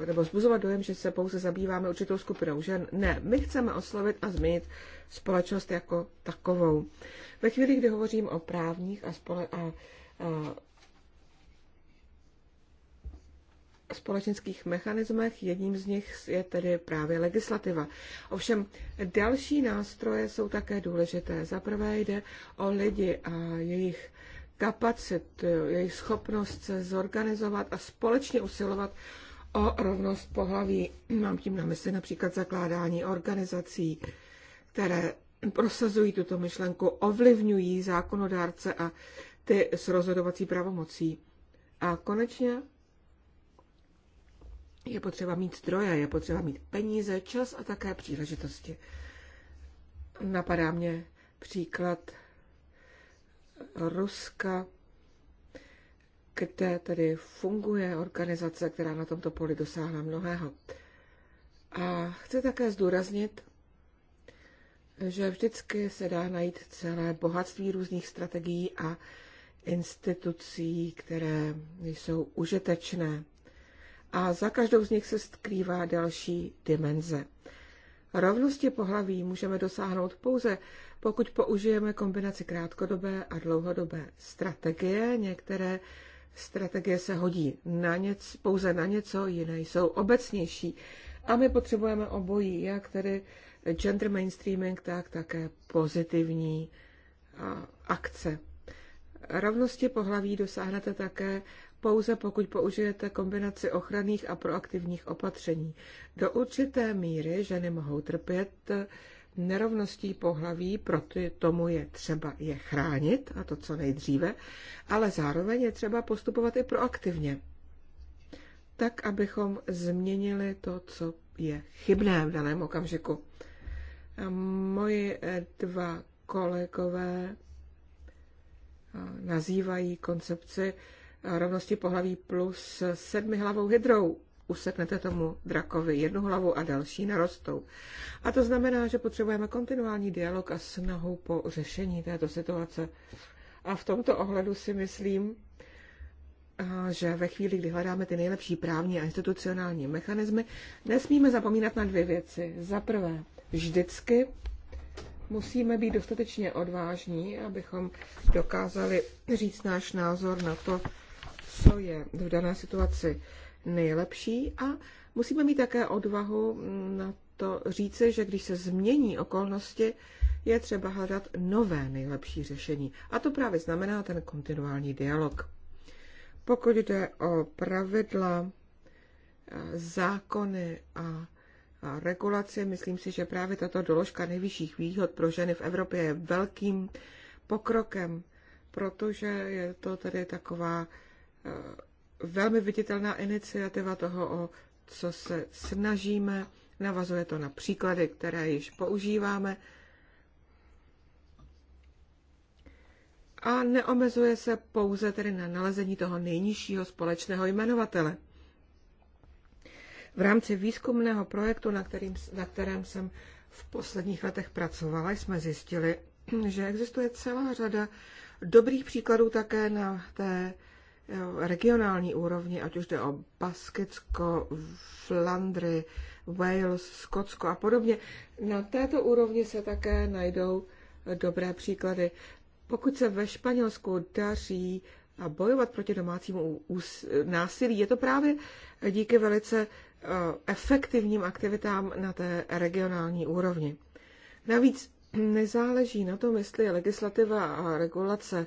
eh, nebo zbuzovat dojem, že se pouze zabýváme určitou skupinou žen. Ne, my chceme oslovit a změnit společnost jako takovou. Ve chvíli, kdy hovořím o právních a, spole- a, a společenských mechanismech. Jedním z nich je tedy právě legislativa. Ovšem další nástroje jsou také důležité. Za prvé jde o lidi a jejich kapacit, jejich schopnost se zorganizovat a společně usilovat o rovnost pohlaví. Mám tím na mysli například zakládání organizací, které prosazují tuto myšlenku, ovlivňují zákonodárce a ty s rozhodovací pravomocí. A konečně je potřeba mít zdroje, je potřeba mít peníze, čas a také příležitosti. Napadá mě příklad Ruska, kde tady funguje organizace, která na tomto poli dosáhla mnohého. A chci také zdůraznit, že vždycky se dá najít celé bohatství různých strategií a institucí, které jsou užitečné a za každou z nich se skrývá další dimenze. Rovnosti pohlaví můžeme dosáhnout pouze, pokud použijeme kombinaci krátkodobé a dlouhodobé strategie. Některé strategie se hodí na něco, pouze na něco, jiné jsou obecnější. A my potřebujeme obojí, jak tedy gender mainstreaming, tak také pozitivní akce. Rovnosti pohlaví dosáhnete také pouze pokud použijete kombinaci ochranných a proaktivních opatření. Do určité míry ženy mohou trpět nerovností pohlaví, proto tomu je třeba je chránit, a to co nejdříve, ale zároveň je třeba postupovat i proaktivně, tak, abychom změnili to, co je chybné v daném okamžiku. A moji eh, dva kolegové eh, nazývají koncepci rovnosti pohlaví plus hlavou hydrou. Useknete tomu drakovi jednu hlavu a další narostou. A to znamená, že potřebujeme kontinuální dialog a snahu po řešení této situace. A v tomto ohledu si myslím, že ve chvíli, kdy hledáme ty nejlepší právní a institucionální mechanismy, nesmíme zapomínat na dvě věci. Za prvé, vždycky musíme být dostatečně odvážní, abychom dokázali říct náš názor na to, co je v dané situaci nejlepší a musíme mít také odvahu na to říci, že když se změní okolnosti, je třeba hledat nové nejlepší řešení. A to právě znamená ten kontinuální dialog. Pokud jde o pravidla, eh, zákony a regulace, myslím si, že právě tato doložka nejvyšších výhod pro ženy v Evropě je velkým pokrokem, protože je to tedy taková velmi viditelná iniciativa toho, o co se snažíme. Navazuje to na příklady, které již používáme. A neomezuje se pouze tedy na nalezení toho nejnižšího společného jmenovatele. V rámci výzkumného projektu, na, kterým, na kterém jsem v posledních letech pracovala, jsme zjistili, že existuje celá řada dobrých příkladů také na té regionální úrovni, ať už jde o Baskicko, Flandry, Wales, Skotsko a podobně. Na této úrovni se také najdou dobré příklady. Pokud se ve Španělsku daří a bojovat proti domácímu násilí, je to právě díky velice eh, efektivním aktivitám na té regionální úrovni. Navíc nezáleží na tom, jestli legislativa a regulace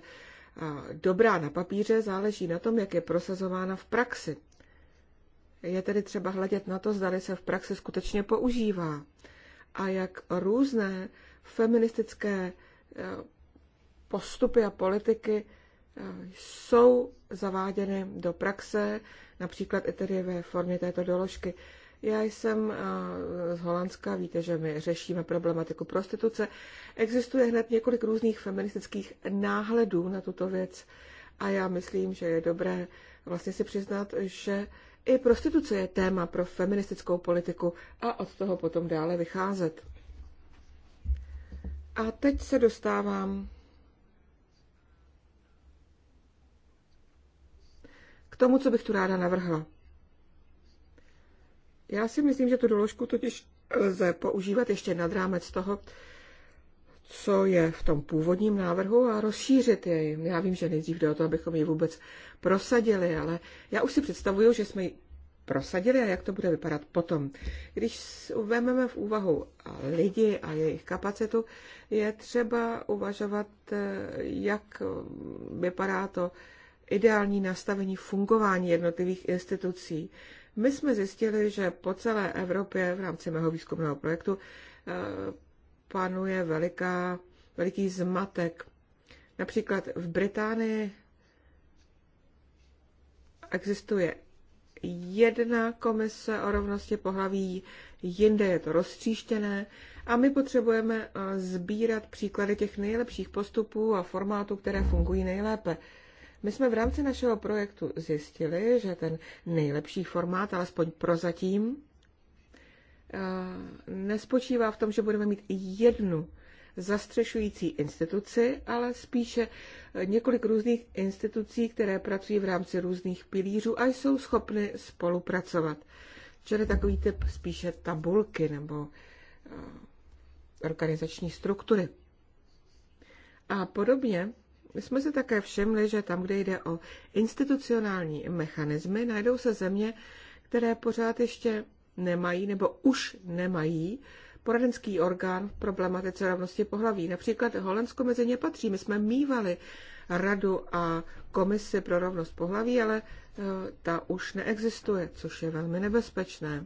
dobrá na papíře, záleží na tom, jak je prosazována v praxi. Je tedy třeba hledět na to, zda se v praxi skutečně používá a jak různé feministické eh, postupy a politiky eh, jsou zaváděny do praxe, například i tedy ve formě této doložky. Já jsem eh, z Holandska, víte, že my řešíme problematiku prostituce. Existuje hned několik různých feministických náhledů na tuto věc a já myslím, že je dobré vlastně si přiznat, že i prostituce je téma pro feministickou politiku a od toho potom dále vycházet. A teď se dostávám k tomu, co bych tu ráda navrhla. Já si myslím, že tu doložku totiž lze používat ještě nad rámec toho, co je v tom původním návrhu a rozšířit jej. Já vím, že nejdřív jde o to, abychom ji vůbec prosadili, ale já už si představuju, že jsme ji prosadili a jak to bude vypadat potom. Když vezmeme v úvahu lidi a jejich kapacitu, je třeba uvažovat, eh, jak vypadá to ideální nastavení fungování jednotlivých institucí. My jsme zjistili, že po celé Evropě v rámci mého výzkumného projektu eh, panuje veliká, veliký zmatek. Například v Británii existuje jedna komise o rovnosti pohlaví, jinde je to rozstříštěné a my potřebujeme eh, sbírat příklady těch nejlepších postupů a formátů, které fungují nejlépe. My jsme v rámci našeho projektu zjistili, že ten nejlepší formát, alespoň prozatím, eh, nespočívá v tom, že budeme mít jednu zastřešující instituci, ale spíše eh, několik různých institucí, které pracují v rámci různých pilířů a jsou schopny spolupracovat. Čili takový typ spíše tabulky nebo eh, organizační struktury. A podobně my jsme si také všimli, že tam, kde jde o institucionální mechanismy, najdou se země, které pořád ještě nemají nebo už nemají poradenský orgán v problematice rovnosti pohlaví. Například Holandsko mezi ně patří. My jsme mývali radu a komisi pro rovnost pohlaví, ale eh, ta už neexistuje, což je velmi nebezpečné.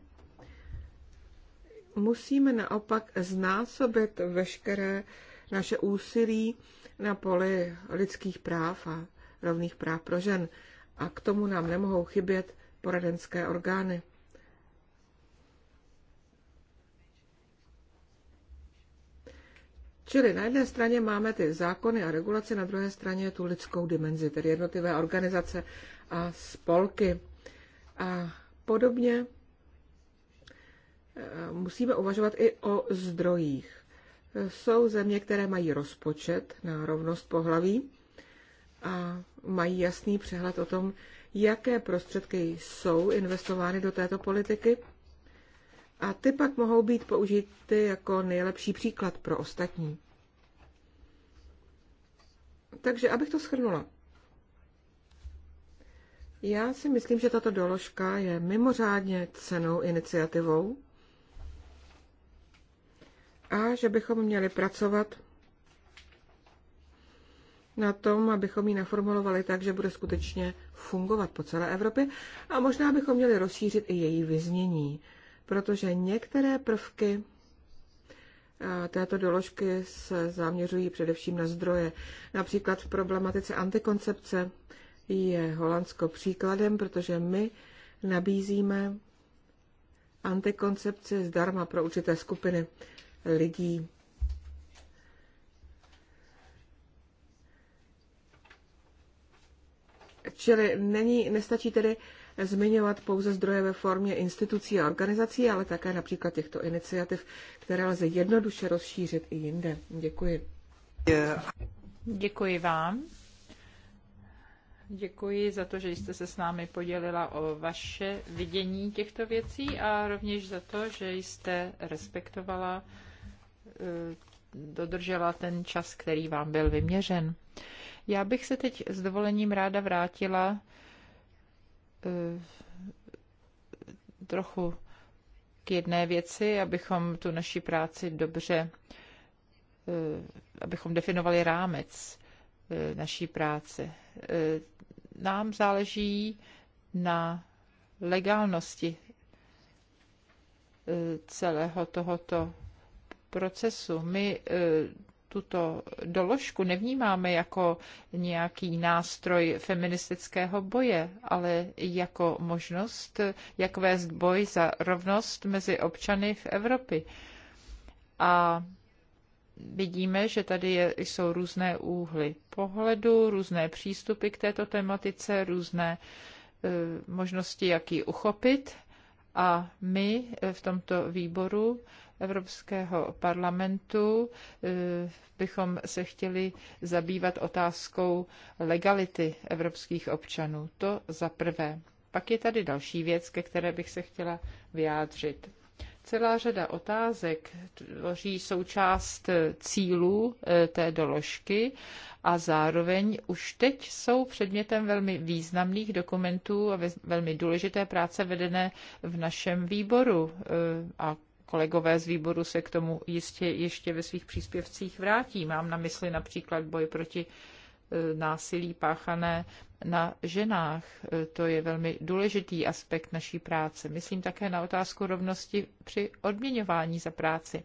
Musíme naopak znásobit veškeré naše úsilí na poli lidských práv a rovných práv pro žen. A k tomu nám nemohou chybět poradenské orgány. Čili na jedné straně máme ty zákony a regulace, na druhé straně tu lidskou dimenzi, tedy jednotlivé organizace a spolky. A podobně eh, musíme uvažovat i o zdrojích jsou země, které mají rozpočet na rovnost pohlaví a mají jasný přehled o tom, jaké prostředky jsou investovány do této politiky a ty pak mohou být použity jako nejlepší příklad pro ostatní. Takže abych to shrnula. Já si myslím, že tato doložka je mimořádně cenou iniciativou, a že bychom měli pracovat na tom, abychom ji naformulovali tak, že bude skutečně fungovat po celé Evropě a možná bychom měli rozšířit i její vyznění, protože některé prvky eh, této doložky se zaměřují především na zdroje. Například v problematice antikoncepce je Holandsko příkladem, protože my nabízíme antikoncepci zdarma pro určité skupiny lidí. Čili není, nestačí tedy zmiňovat pouze zdroje ve formě institucí a organizací, ale také například těchto iniciativ, které lze jednoduše rozšířit i jinde. Děkuji. Děkuji vám. Děkuji za to, že jste se s námi podělila o vaše vidění těchto věcí a rovněž za to, že jste respektovala Eh, dodržela ten čas, který vám byl vyměřen. Já bych se teď s dovolením ráda vrátila eh, trochu k jedné věci, abychom tu naši práci dobře, eh, abychom definovali rámec naší práce. Nám záleží na legálnosti celého tohoto procesu. My e, tuto doložku nevnímáme jako nějaký nástroj feministického boje, ale jako možnost, jak vést boj za rovnost mezi občany v Evropě. A vidíme, že tady je, jsou různé úhly pohledu, různé přístupy k této tematice, různé e, možnosti, jak ji uchopit. A my e, v tomto výboru Evropského parlamentu eh, bychom se chtěli zabývat otázkou legality evropských občanů. To za prvé. Pak je tady další věc, ke které bych se chtěla vyjádřit. Celá řada otázek tvoří součást cílů eh, té doložky a zároveň už teď jsou předmětem velmi významných dokumentů a velmi důležité práce vedené v našem výboru eh, a kolegové z výboru se k tomu jistě ještě ve svých příspěvcích vrátí. Mám na mysli například boj proti e, násilí páchané na ženách. E, to je velmi důležitý aspekt naší práce. Myslím také na otázku rovnosti při odměňování za práci.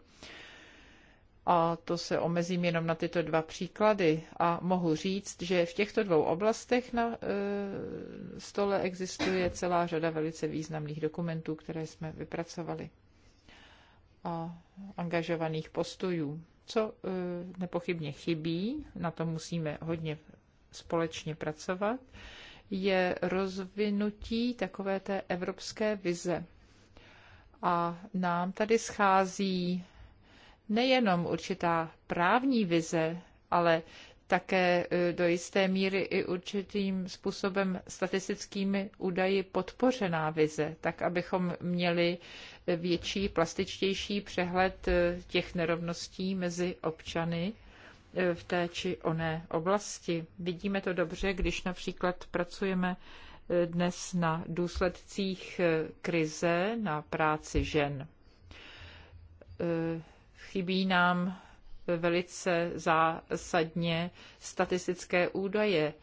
A to se omezím jenom na tyto dva příklady a mohu říct, že v těchto dvou oblastech na e, stole existuje celá řada velice významných dokumentů, které jsme vypracovali a angažovaných postojů. Co e, nepochybně chybí, na tom musíme hodně společně pracovat, je rozvinutí takové té evropské vize. A nám tady schází nejenom určitá právní vize, ale také e, do jisté míry i určitým způsobem statistickými údaji podpořená vize, tak abychom měli větší, plastičtější přehled e, těch nerovností mezi občany e, v té či oné oblasti. Vidíme to dobře, když například pracujeme dnes na důsledcích krize na práci žen. Chybí nám velice zásadně statistické údaje,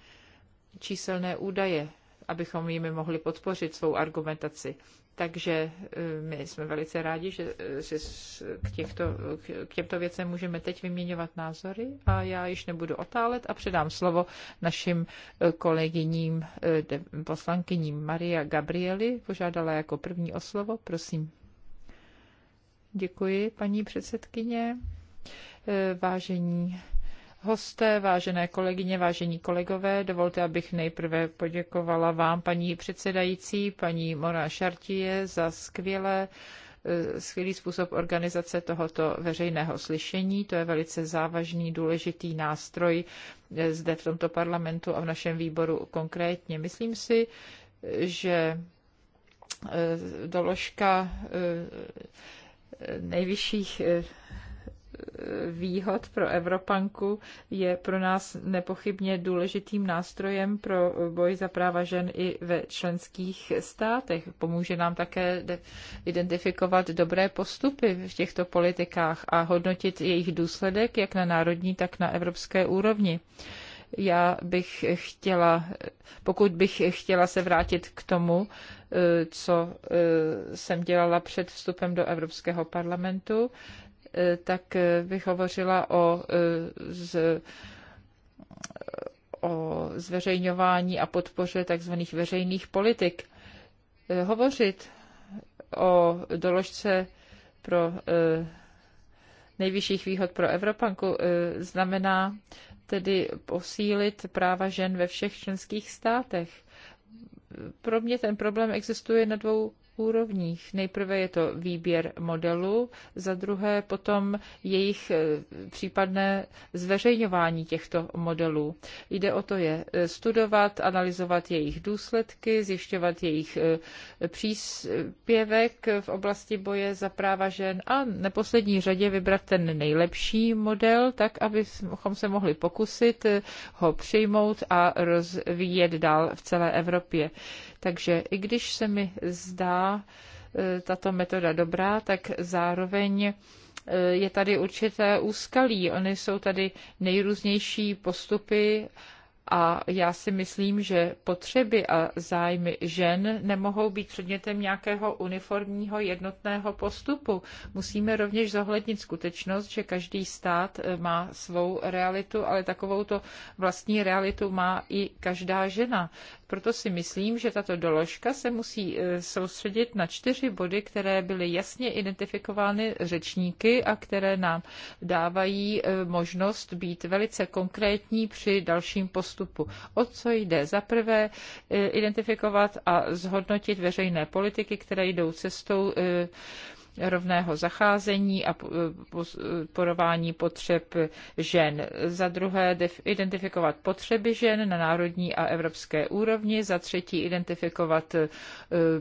číselné údaje, abychom jimi mohli podpořit svou argumentaci. Takže eh, my jsme velice rádi, že eh, si k, těchto, k těmto věcem můžeme teď vyměňovat názory a já již nebudu otálet a předám slovo našim eh, kolegyním poslankyním Maria Gabrieli. Požádala jako první o slovo, prosím. Děkuji, paní předsedkyně. Eh, vážení hosté, vážené kolegyně, vážení kolegové. Dovolte, abych nejprve poděkovala vám, paní předsedající, paní Mora Šartie, za skvělé eh, skvělý způsob organizace tohoto veřejného slyšení. To je velice závažný, důležitý nástroj eh, zde v tomto parlamentu a v našem výboru konkrétně. Myslím si, že doložka nejvyšších výhod pro Evropanku je pro nás nepochybně důležitým nástrojem pro boj za práva žen i ve členských státech. Pomůže nám také identifikovat dobré postupy v těchto politikách a hodnotit jejich důsledek jak na národní, tak na evropské úrovni já bych chtěla, pokud bych chtěla se vrátit k tomu, eh, co eh, jsem dělala před vstupem do Evropského parlamentu, Eh, tak eh, bych hovořila o, eh, z, o zveřejňování a podpoře tzv. veřejných politik. Hovořit o doložce pro nejvyšších výhod pro Evropanku znamená tedy posílit práva žen ve všech členských státech. Pro mě ten problém existuje na dvou úrovních. Nejprve je to výběr modelů, za druhé potom jejich e, případné zveřejňování těchto modelů. Jde o to je e, studovat, analyzovat jejich důsledky, zjišťovat jejich e, příspěvek v oblasti boje za práva žen a neposlední řadě vybrat ten nejlepší model, tak abychom se mohli pokusit ho přijmout a rozvíjet dál v celé Evropě. Takže i když se mi zdá e, tato metoda dobrá, tak zároveň e, je tady určité úskalí. Ony jsou tady nejrůznější postupy a já si myslím, že potřeby a zájmy žen nemohou být předmětem nějakého uniformního jednotného postupu. Musíme rovněž zohlednit skutečnost, že každý stát e, má svou realitu, ale takovou to vlastní realitu má i každá žena. Proto si myslím, že tato doložka se musí e, soustředit na čtyři body, které byly jasně identifikovány řečníky a které nám dávají e, možnost být velice konkrétní při dalším postupu. O co jde? Za prvé e, identifikovat a zhodnotit veřejné politiky, které jdou cestou rovného zacházení a porování potřeb žen. Za druhé identifikovat potřeby žen na národní a evropské úrovni. Za třetí identifikovat e,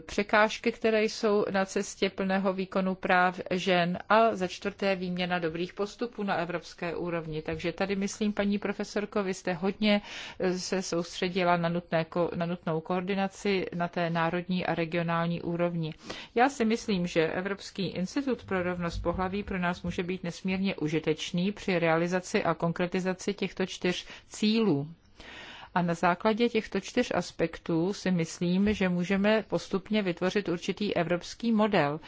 překážky, které jsou na cestě plného výkonu práv žen. A za čtvrté výměna dobrých postupů na evropské úrovni. Takže tady myslím, paní profesorko, vy jste hodně e, se soustředila na, nutné, na nutnou koordinaci na té národní a regionální úrovni. Já si myslím, že Evropský Evropský institut pro rovnost pohlaví pro nás může být nesmírně užitečný při realizaci a konkretizaci těchto čtyř cílů. A na základě těchto čtyř aspektů si myslím, že můžeme postupně vytvořit určitý evropský model,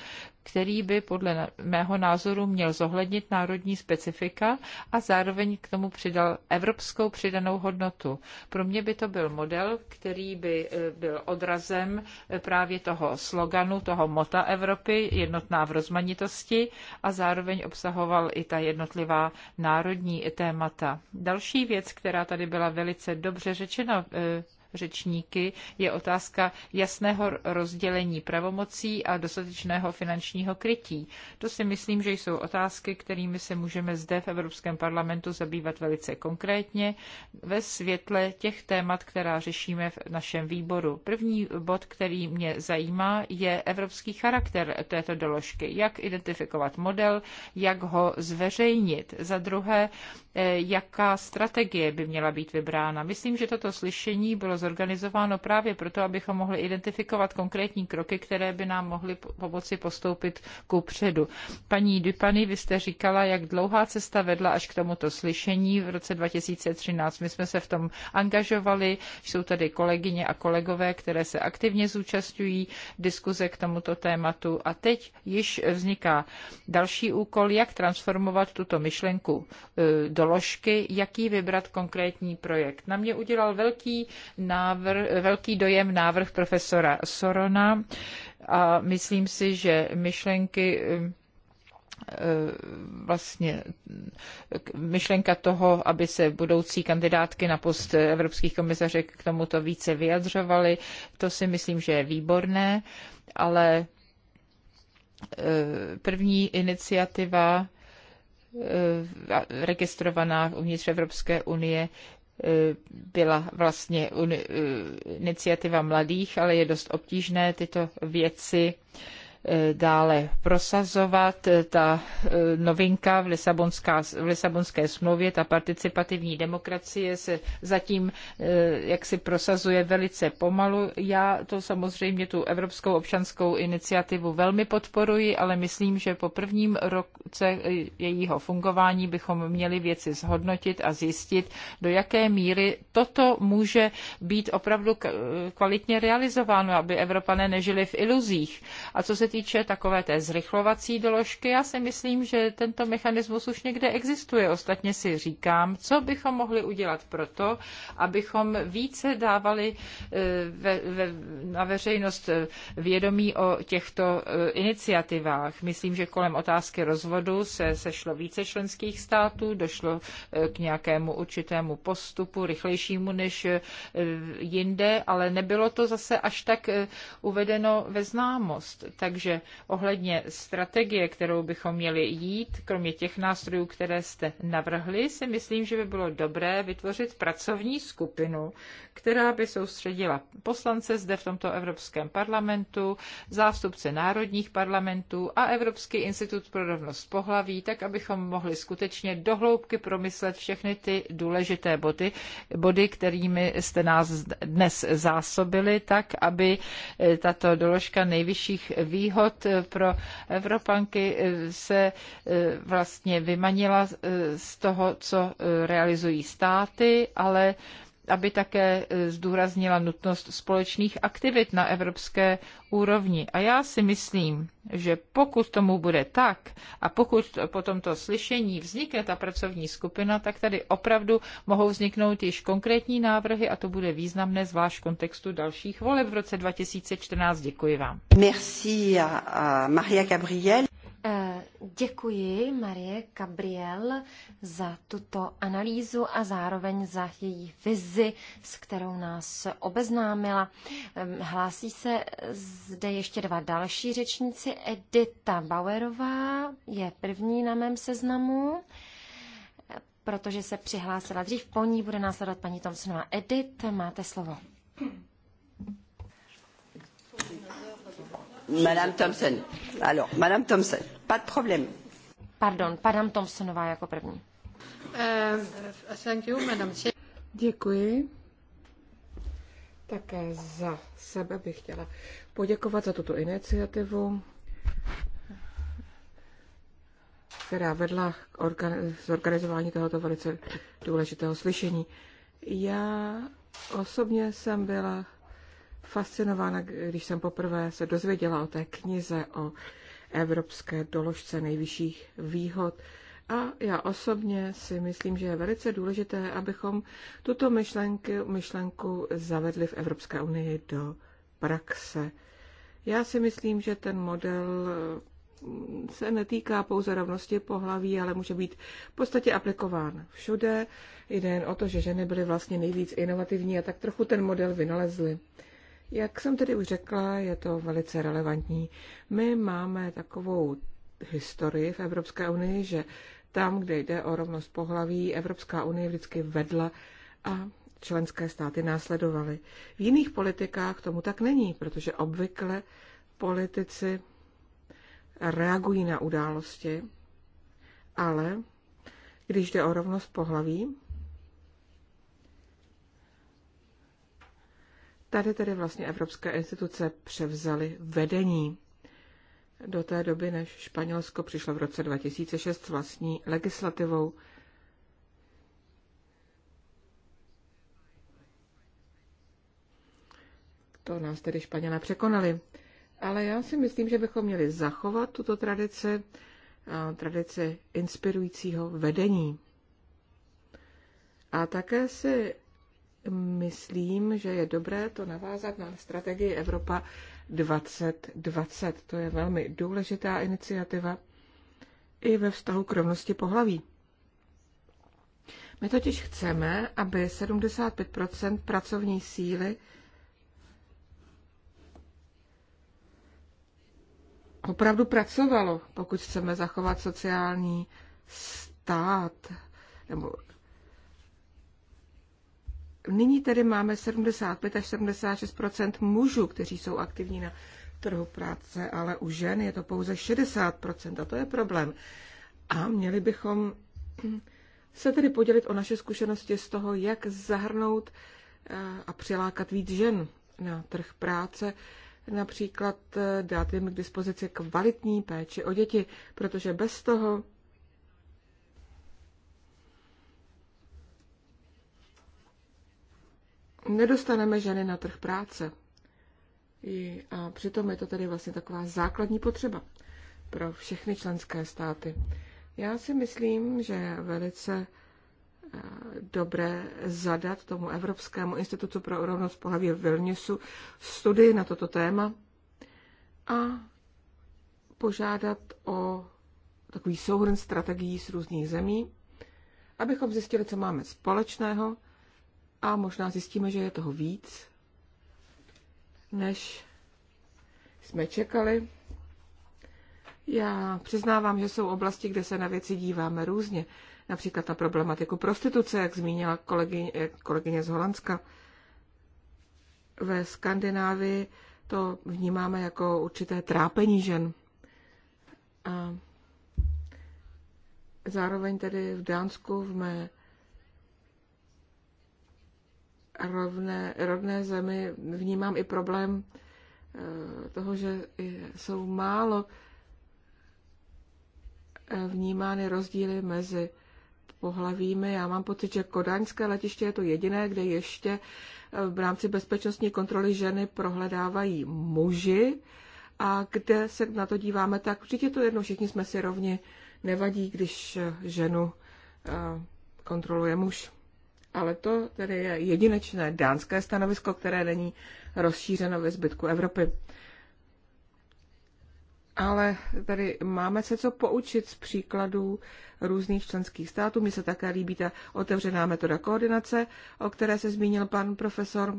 který by podle mého názoru měl zohlednit národní specifika a zároveň k tomu přidal evropskou přidanou hodnotu. Pro mě by to byl model, který by eh, byl odrazem eh, právě toho sloganu, toho mota Evropy, jednotná v rozmanitosti a zároveň obsahoval i ta jednotlivá národní témata. Další věc, která tady byla velice dobře řečena, eh, řečníky, je otázka jasného rozdělení pravomocí a dostatečného finančního krytí. To si myslím, že jsou otázky, kterými se můžeme zde v Evropském parlamentu zabývat velice konkrétně ve světle těch témat, která řešíme v našem výboru. První bod, který mě zajímá, je evropský charakter této doložky. Jak identifikovat model, jak ho zveřejnit. Za druhé, eh, jaká strategie by měla být vybrána. Myslím, že toto slyšení bylo zorganizováno právě proto, abychom mohli identifikovat konkrétní kroky, které by nám mohly pomoci postoupit ku předu. Paní Dupany, vy jste říkala, jak dlouhá cesta vedla až k tomuto slyšení v roce 2013. My jsme se v tom angažovali, jsou tady kolegyně a kolegové, které se aktivně zúčastňují diskuze k tomuto tématu a teď již vzniká další úkol, jak transformovat tuto myšlenku e, doložky, jaký vybrat konkrétní projekt. Na mě udělal velký návrh, velký dojem návrh profesora Sorona a myslím si, že myšlenky eh, vlastně myšlenka toho, aby se budoucí kandidátky na post evropských komisařek k tomuto více vyjadřovaly, to si myslím, že je výborné, ale eh, první iniciativa eh, registrovaná uvnitř Evropské unie byla vlastně iniciativa mladých, ale je dost obtížné tyto věci Eh, dále prosazovat. Eh, ta eh, novinka v, v Lisabonské smlouvě, ta participativní demokracie se zatím jak si prosazuje velice pomalu. Já to samozřejmě tu Evropskou občanskou iniciativu velmi podporuji, ale myslím, že po prvním roce jejího fungování bychom měli věci zhodnotit a zjistit, do jaké míry toto může být opravdu kvalitně realizováno, aby Evropané nežili v iluzích. A co se týče takové té zrychlovací doložky, já si myslím, že tento mechanismus už někde existuje. Ostatně si říkám, co bychom mohli udělat proto, abychom více dávali eh, ve, ve, na veřejnost eh, vědomí o těchto eh, iniciativách. Myslím, že kolem otázky rozvodu se sešlo více členských států, došlo k nějakému určitému postupu, rychlejšímu než jinde, ale nebylo to zase až tak uvedeno ve známost. Takže že ohledně strategie, kterou bychom měli jít, kromě těch nástrojů, které jste navrhli, si myslím, že by bylo dobré vytvořit pracovní skupinu, která by soustředila poslance zde v tomto Evropském parlamentu, zástupce národních parlamentů a Evropský institut pro rovnost pohlaví, tak abychom mohli skutečně dohloubky promyslet všechny ty důležité body, body kterými jste nás dnes zásobili, tak aby tato doložka nejvyšších výhod výhod eh, pro Evropanky eh, se eh, vlastně vymanila z toho, co realizují státy, ale aby také e, zdůraznila nutnost společných aktivit na evropské úrovni. A já si myslím, že pokud tomu bude tak a pokud po tomto slyšení vznikne ta pracovní skupina, tak tady opravdu mohou vzniknout již konkrétní návrhy a to bude významné zvlášť v kontextu dalších voleb v roce 2014. Děkuji vám. Merci a Maria Gabriel. Eh, děkuji Marie Gabriel za tuto analýzu a zároveň za její vizi, s kterou nás obeznámila. Ehm, hlásí se zde ještě dva další řečníci. Edita Bauerová je první na mém seznamu protože se přihlásila dřív. Po ní bude následovat paní Tomsonová. Edit, máte slovo. Madame Thompson. Alors, Madame Thompson, pas de problème. Pardon, Madame jako první. Uh, thank you, Madame Děkuji. Také za sebe bych chtěla poděkovat za tuto iniciativu, která vedla k organi- zorganizování tohoto velice důležitého slyšení. Já osobně jsem byla fascinována, když jsem poprvé se dozvěděla o té knize o evropské doložce nejvyšších výhod. A já osobně si myslím, že je velice důležité, abychom tuto myšlenky, myšlenku zavedli v Evropské unii do praxe. Já si myslím, že ten model se netýká pouze rovnosti pohlaví, ale může být v podstatě aplikován všude. Jde jen o to, že ženy byly vlastně nejvíc inovativní a tak trochu ten model vynalezly. Jak jsem tedy už řekla, je to velice relevantní. My máme takovou historii v Evropské unii, že tam, kde jde o rovnost pohlaví, Evropská unie vždycky vedla a členské státy následovaly. V jiných politikách tomu tak není, protože obvykle politici reagují na události, ale když jde o rovnost pohlaví, Tady tedy vlastně evropské instituce převzaly vedení do té doby, než Španělsko přišlo v roce 2006 s vlastní legislativou. To nás tedy Španělé překonali. Ale já si myslím, že bychom měli zachovat tuto tradici, tradici inspirujícího vedení. A také si myslím, že je dobré to navázat na strategii Evropa 2020. To je velmi důležitá iniciativa i ve vztahu k rovnosti pohlaví. My totiž chceme, aby 75 pracovní síly opravdu pracovalo, pokud chceme zachovat sociální stát nebo Nyní tedy máme 75 až 76 mužů, kteří jsou aktivní na trhu práce, ale u žen je to pouze 60 a to je problém. A měli bychom se tedy podělit o naše zkušenosti z toho, jak zahrnout eh, a přilákat víc žen na trh práce, například eh, dát jim k dispozici kvalitní péči o děti, protože bez toho nedostaneme ženy na trh práce. I, a přitom je to tedy vlastně taková základní potřeba pro všechny členské státy. Já si myslím, že je velice eh, dobré zadat tomu Evropskému institutu pro rovnost pohlaví v Vilniusu studii na toto téma a požádat o takový souhrn strategií z různých zemí, abychom zjistili, co máme společného a možná zjistíme, že je toho víc, než jsme čekali. Já přiznávám, že jsou oblasti, kde se na věci díváme různě. Například na problematiku prostituce, jak zmínila kolegyně, eh, kolegyně z Holandska. Ve Skandinávii to vnímáme jako určité trápení žen. A zároveň tedy v Dánsku, v mé rovné, rovné zemi vnímám i problém eh, toho, že jsou málo eh, vnímány rozdíly mezi pohlavími. Já mám pocit, že kodaňské letiště je to jediné, kde ještě eh, v rámci bezpečnostní kontroly ženy prohledávají muži a kde se na to díváme tak, určitě to jedno, všichni jsme si rovni, nevadí, když ženu kontroluje muž ale to tedy je jedinečné dánské stanovisko, které není rozšířeno ve zbytku Evropy. Ale tady máme se co poučit z příkladů různých členských států. Mně se také líbí ta otevřená metoda koordinace, o které se zmínil pan profesor.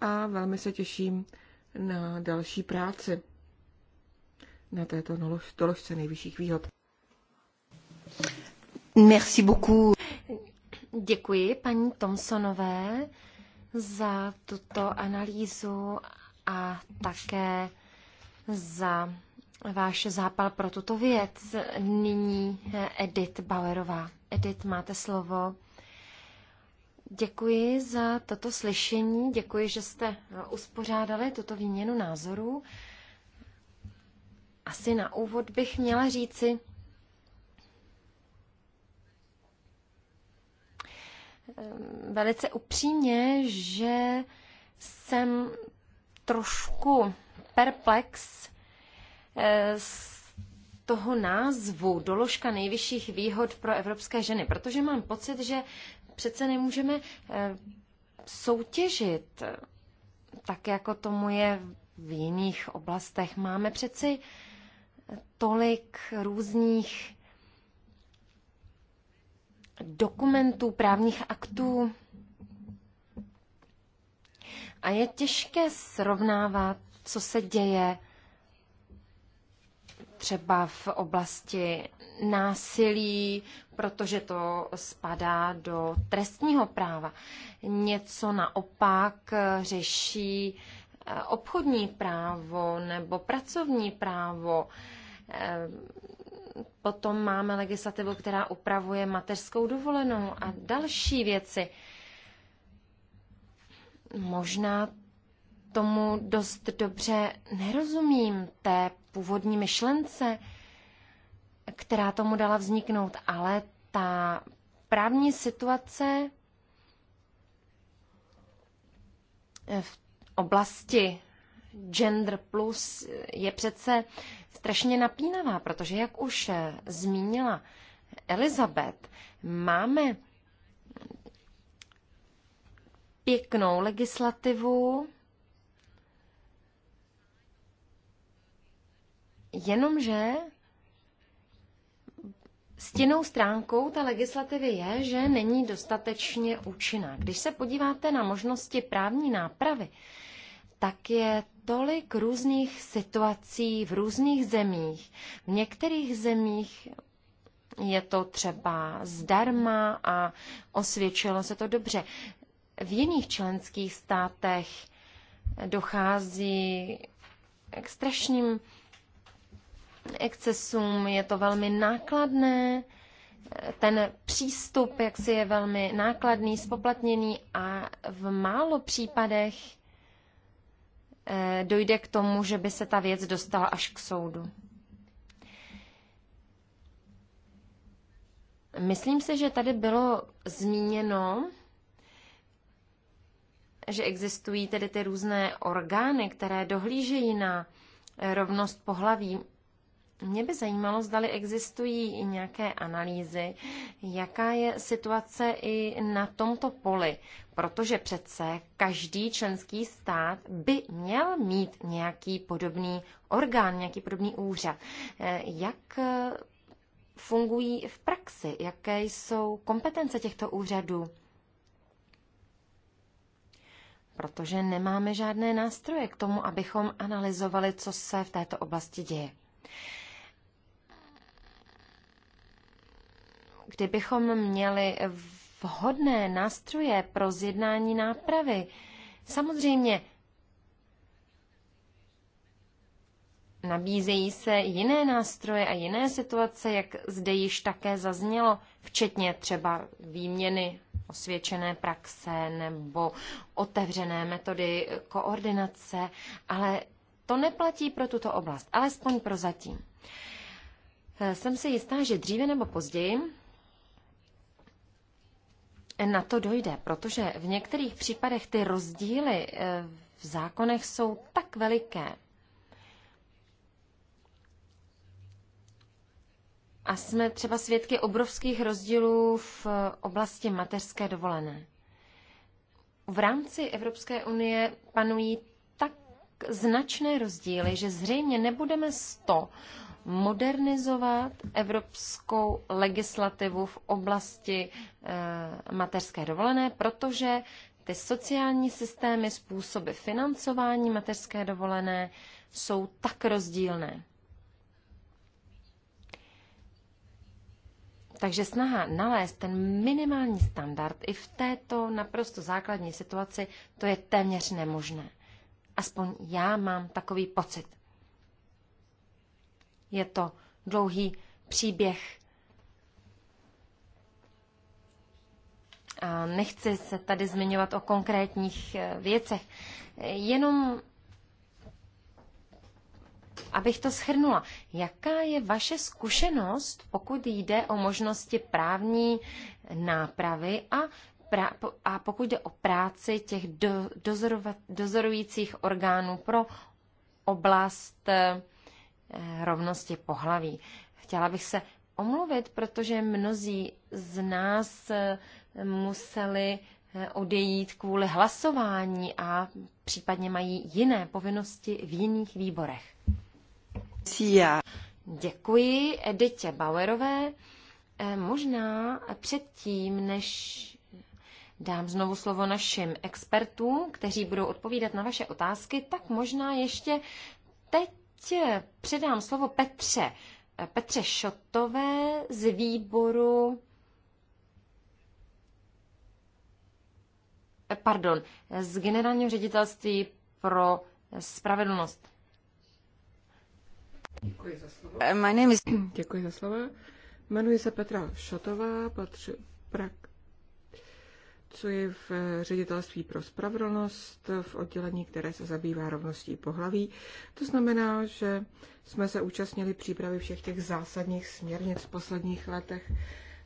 A velmi se těším na další práci na této doložce nejvyšších výhod. Merci beaucoup. Děkuji paní Tomsonové za tuto analýzu a také za váš zápal pro tuto věc. Nyní eh, Edith Bauerová. Edith, máte slovo. Děkuji za toto slyšení, děkuji, že jste eh, uspořádali tuto výměnu názorů. Asi na úvod bych měla říci, velice upřímně, že jsem trošku perplex eh, z toho názvu doložka nejvyšších výhod pro evropské ženy, protože mám pocit, že přece nemůžeme eh, soutěžit eh, tak, jako tomu je v jiných oblastech. Máme přeci tolik různých dokumentů, právních aktů. A je těžké srovnávat, co se děje třeba v oblasti násilí, protože to spadá do trestního práva. Něco naopak řeší eh, obchodní právo nebo pracovní právo eh, potom máme legislativu, která upravuje mateřskou dovolenou a další věci. Možná tomu dost dobře nerozumím, té původní myšlence, která tomu dala vzniknout, ale ta právní situace v oblasti gender plus je přece strašně napínavá, protože jak už eh, zmínila Elizabeth, máme pěknou legislativu, jenomže stěnou stránkou ta legislativy je, že není dostatečně účinná. Když se podíváte na možnosti právní nápravy, tak je tolik různých situací v různých zemích. V některých zemích je to třeba zdarma a osvědčilo se to dobře. V jiných členských státech dochází k strašným excesům, je to velmi nákladné, ten přístup, jak si je velmi nákladný, spoplatněný a v málo případech Eh, dojde k tomu, že by se ta věc dostala až k soudu. Myslím si, že tady bylo zmíněno, že existují tedy ty různé orgány, které dohlížejí na rovnost pohlaví. Mě by zajímalo, zdali existují i nějaké analýzy, jaká je situace i na tomto poli, protože přece každý členský stát by měl mít nějaký podobný orgán, nějaký podobný úřad. Eh, jak eh, fungují v praxi? Jaké jsou kompetence těchto úřadů? Protože nemáme žádné nástroje k tomu, abychom analyzovali, co se v této oblasti děje. Kdybychom měli vhodné nástroje pro zjednání nápravy, samozřejmě Nabízejí se jiné nástroje a jiné situace, jak zde již také zaznělo, včetně třeba výměny osvědčené praxe nebo otevřené metody koordinace, ale to neplatí pro tuto oblast, alespoň pro zatím. Jsem si jistá, že dříve nebo později na to dojde, protože v některých případech ty rozdíly eh, v zákonech jsou tak veliké. A jsme třeba svědky obrovských rozdílů v eh, oblasti mateřské dovolené. V rámci Evropské unie panují tak značné rozdíly, že zřejmě nebudeme 100 modernizovat evropskou legislativu v oblasti eh, mateřské dovolené, protože ty sociální systémy, způsoby financování mateřské dovolené jsou tak rozdílné. Takže snaha nalézt ten minimální standard i v této naprosto základní situaci, to je téměř nemožné. Aspoň já mám takový pocit. Je to dlouhý příběh. A nechci se tady zmiňovat o konkrétních eh, věcech, jenom abych to shrnula. Jaká je vaše zkušenost, pokud jde o možnosti právní nápravy a, pra, a pokud jde o práci těch do, dozorovat, dozorujících orgánů pro oblast eh, rovnosti pohlaví. Chtěla bych se omluvit, protože mnozí z nás eh, museli eh, odejít kvůli hlasování a případně mají jiné povinnosti v jiných výborech. Já. Děkuji Editě Bauerové. Eh, možná předtím, než dám znovu slovo našim expertům, kteří budou odpovídat na vaše otázky, tak možná ještě teď Eh, předám slovo Petře, eh, Petře Šotové z výboru eh, pardon, z generálního ředitelství pro spravedlnost. Děkuji za slovo. My name is... Děkuji za slovo. Jmenuji se Petra Šotová, patři, prak, pracuji v eh, ředitelství pro spravedlnost v oddělení, které se zabývá rovností pohlaví. To znamená, že jsme se účastnili přípravy všech těch zásadních směrnic v posledních letech,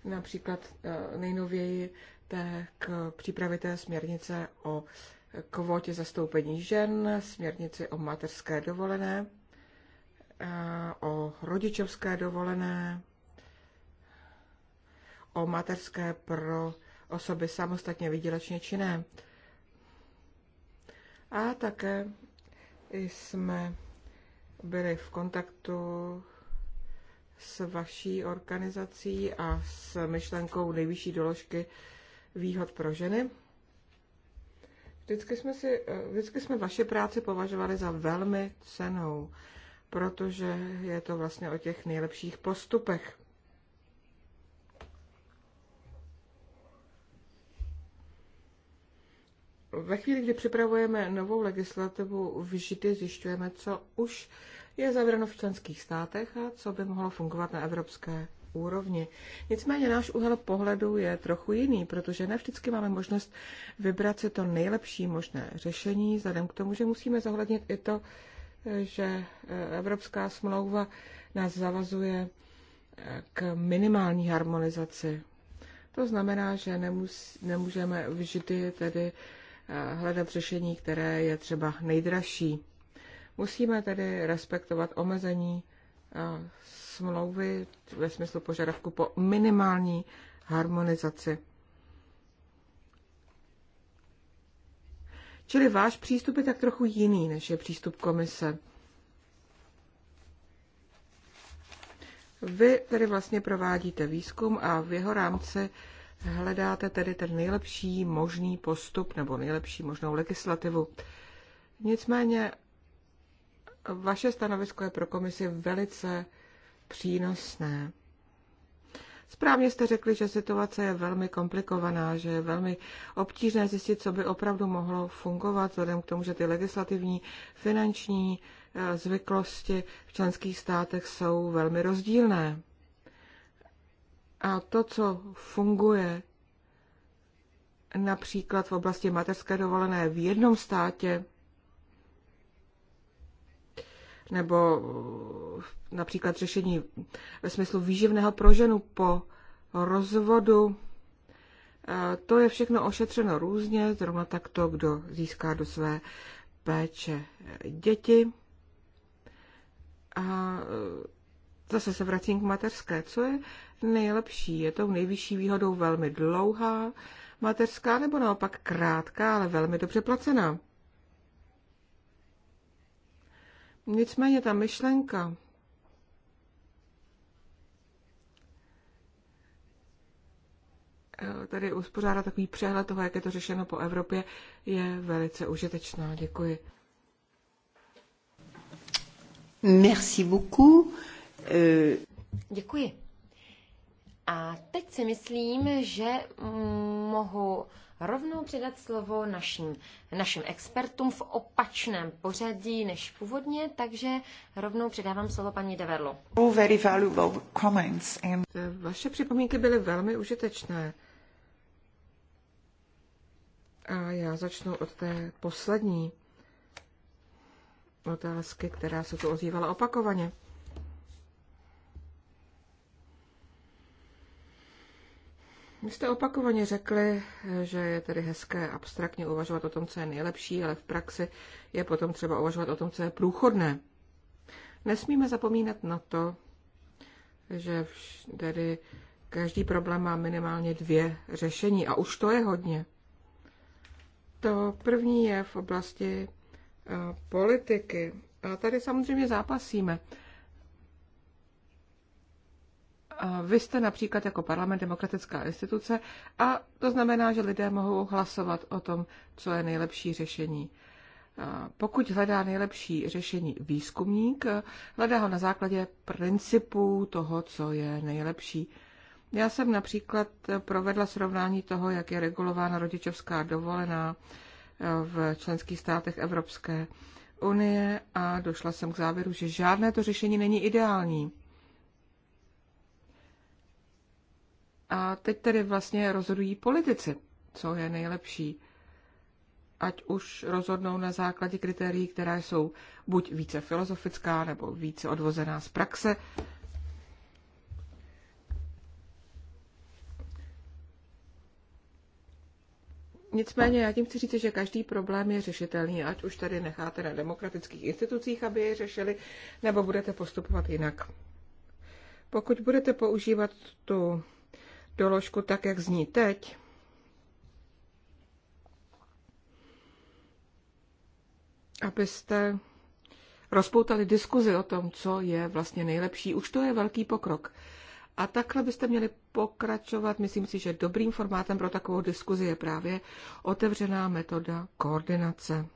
například eh, nejnověji té k přípravě té směrnice o kvotě zastoupení žen, směrnici o mateřské dovolené, eh, o rodičovské dovolené, o materské pro osoby samostatně vydělečně činné. A také jsme byli v kontaktu s vaší organizací a s myšlenkou nejvyšší doložky výhod pro ženy. Vždycky jsme, si, vždycky jsme vaše práci považovali za velmi cenou, protože je to vlastně o těch nejlepších postupech. ve chvíli, kdy připravujeme novou legislativu, vždy zjišťujeme, co už je zavřeno v členských státech a co by mohlo fungovat na evropské úrovni. Nicméně náš úhel pohledu je trochu jiný, protože ne vždycky máme možnost vybrat si to nejlepší možné řešení, vzhledem k tomu, že musíme zohlednit i to, že e, Evropská smlouva nás zavazuje e, k minimální harmonizaci. To znamená, že nemus, nemůžeme vždy tedy hledat řešení, které je třeba nejdražší. Musíme tedy respektovat omezení eh, smlouvy ve smyslu požadavku po minimální harmonizaci. Čili váš přístup je tak trochu jiný, než je přístup komise. Vy tedy vlastně provádíte výzkum a v jeho rámci Hledáte tedy ten nejlepší možný postup nebo nejlepší možnou legislativu. Nicméně vaše stanovisko je pro komisi velice přínosné. Správně jste řekli, že situace je velmi komplikovaná, že je velmi obtížné zjistit, co by opravdu mohlo fungovat, vzhledem k tomu, že ty legislativní, finanční eh, zvyklosti v členských státech jsou velmi rozdílné. A to, co funguje například v oblasti mateřské dovolené v jednom státě, nebo například řešení ve smyslu výživného pro ženu po rozvodu. To je všechno ošetřeno různě, zrovna tak to, kdo získá do své péče děti. A Zase se vracím k mateřské. Co je nejlepší? Je tou nejvyšší výhodou velmi dlouhá mateřská nebo naopak krátká, ale velmi dobře placená? Nicméně ta myšlenka eh, tady uspořádat takový přehled toho, jak je to řešeno po Evropě, je velice užitečná. Děkuji. Merci beaucoup. Eh, děkuji. A teď si myslím, že mohu rovnou předat slovo našim, našim expertům v opačném pořadí než původně, takže rovnou předávám slovo paní Deverlo. Eh, vaše připomínky byly velmi užitečné. A já začnu od té poslední otázky, která se tu ozývala opakovaně. Vy jste opakovaně řekli, že je tedy hezké abstraktně uvažovat o tom, co je nejlepší, ale v praxi je potom třeba uvažovat o tom, co je průchodné. Nesmíme zapomínat na to, že tedy každý problém má minimálně dvě řešení a už to je hodně. To první je v oblasti eh, politiky. A tady samozřejmě zápasíme. Vy jste například jako parlament demokratická instituce a to znamená, že lidé mohou hlasovat o tom, co je nejlepší řešení. Pokud hledá nejlepší řešení výzkumník, hledá ho na základě principů toho, co je nejlepší. Já jsem například provedla srovnání toho, jak je regulována rodičovská dovolená e, v členských státech Evropské unie a došla jsem k závěru, že žádné to řešení není ideální. A teď tedy vlastně rozhodují politici, co je nejlepší. Ať už rozhodnou na základě kritérií, která jsou buď více filozofická nebo více odvozená z praxe. Nicméně já tím chci říct, že každý problém je řešitelný, ať už tady necháte na demokratických institucích, aby je řešili, nebo budete postupovat jinak. Pokud budete používat tu doložku tak, jak zní teď, abyste rozpoutali diskuzi o tom, co je vlastně nejlepší. Už to je velký pokrok. A takhle byste měli pokračovat. Myslím si, že dobrým formátem pro takovou diskuzi je právě otevřená metoda koordinace.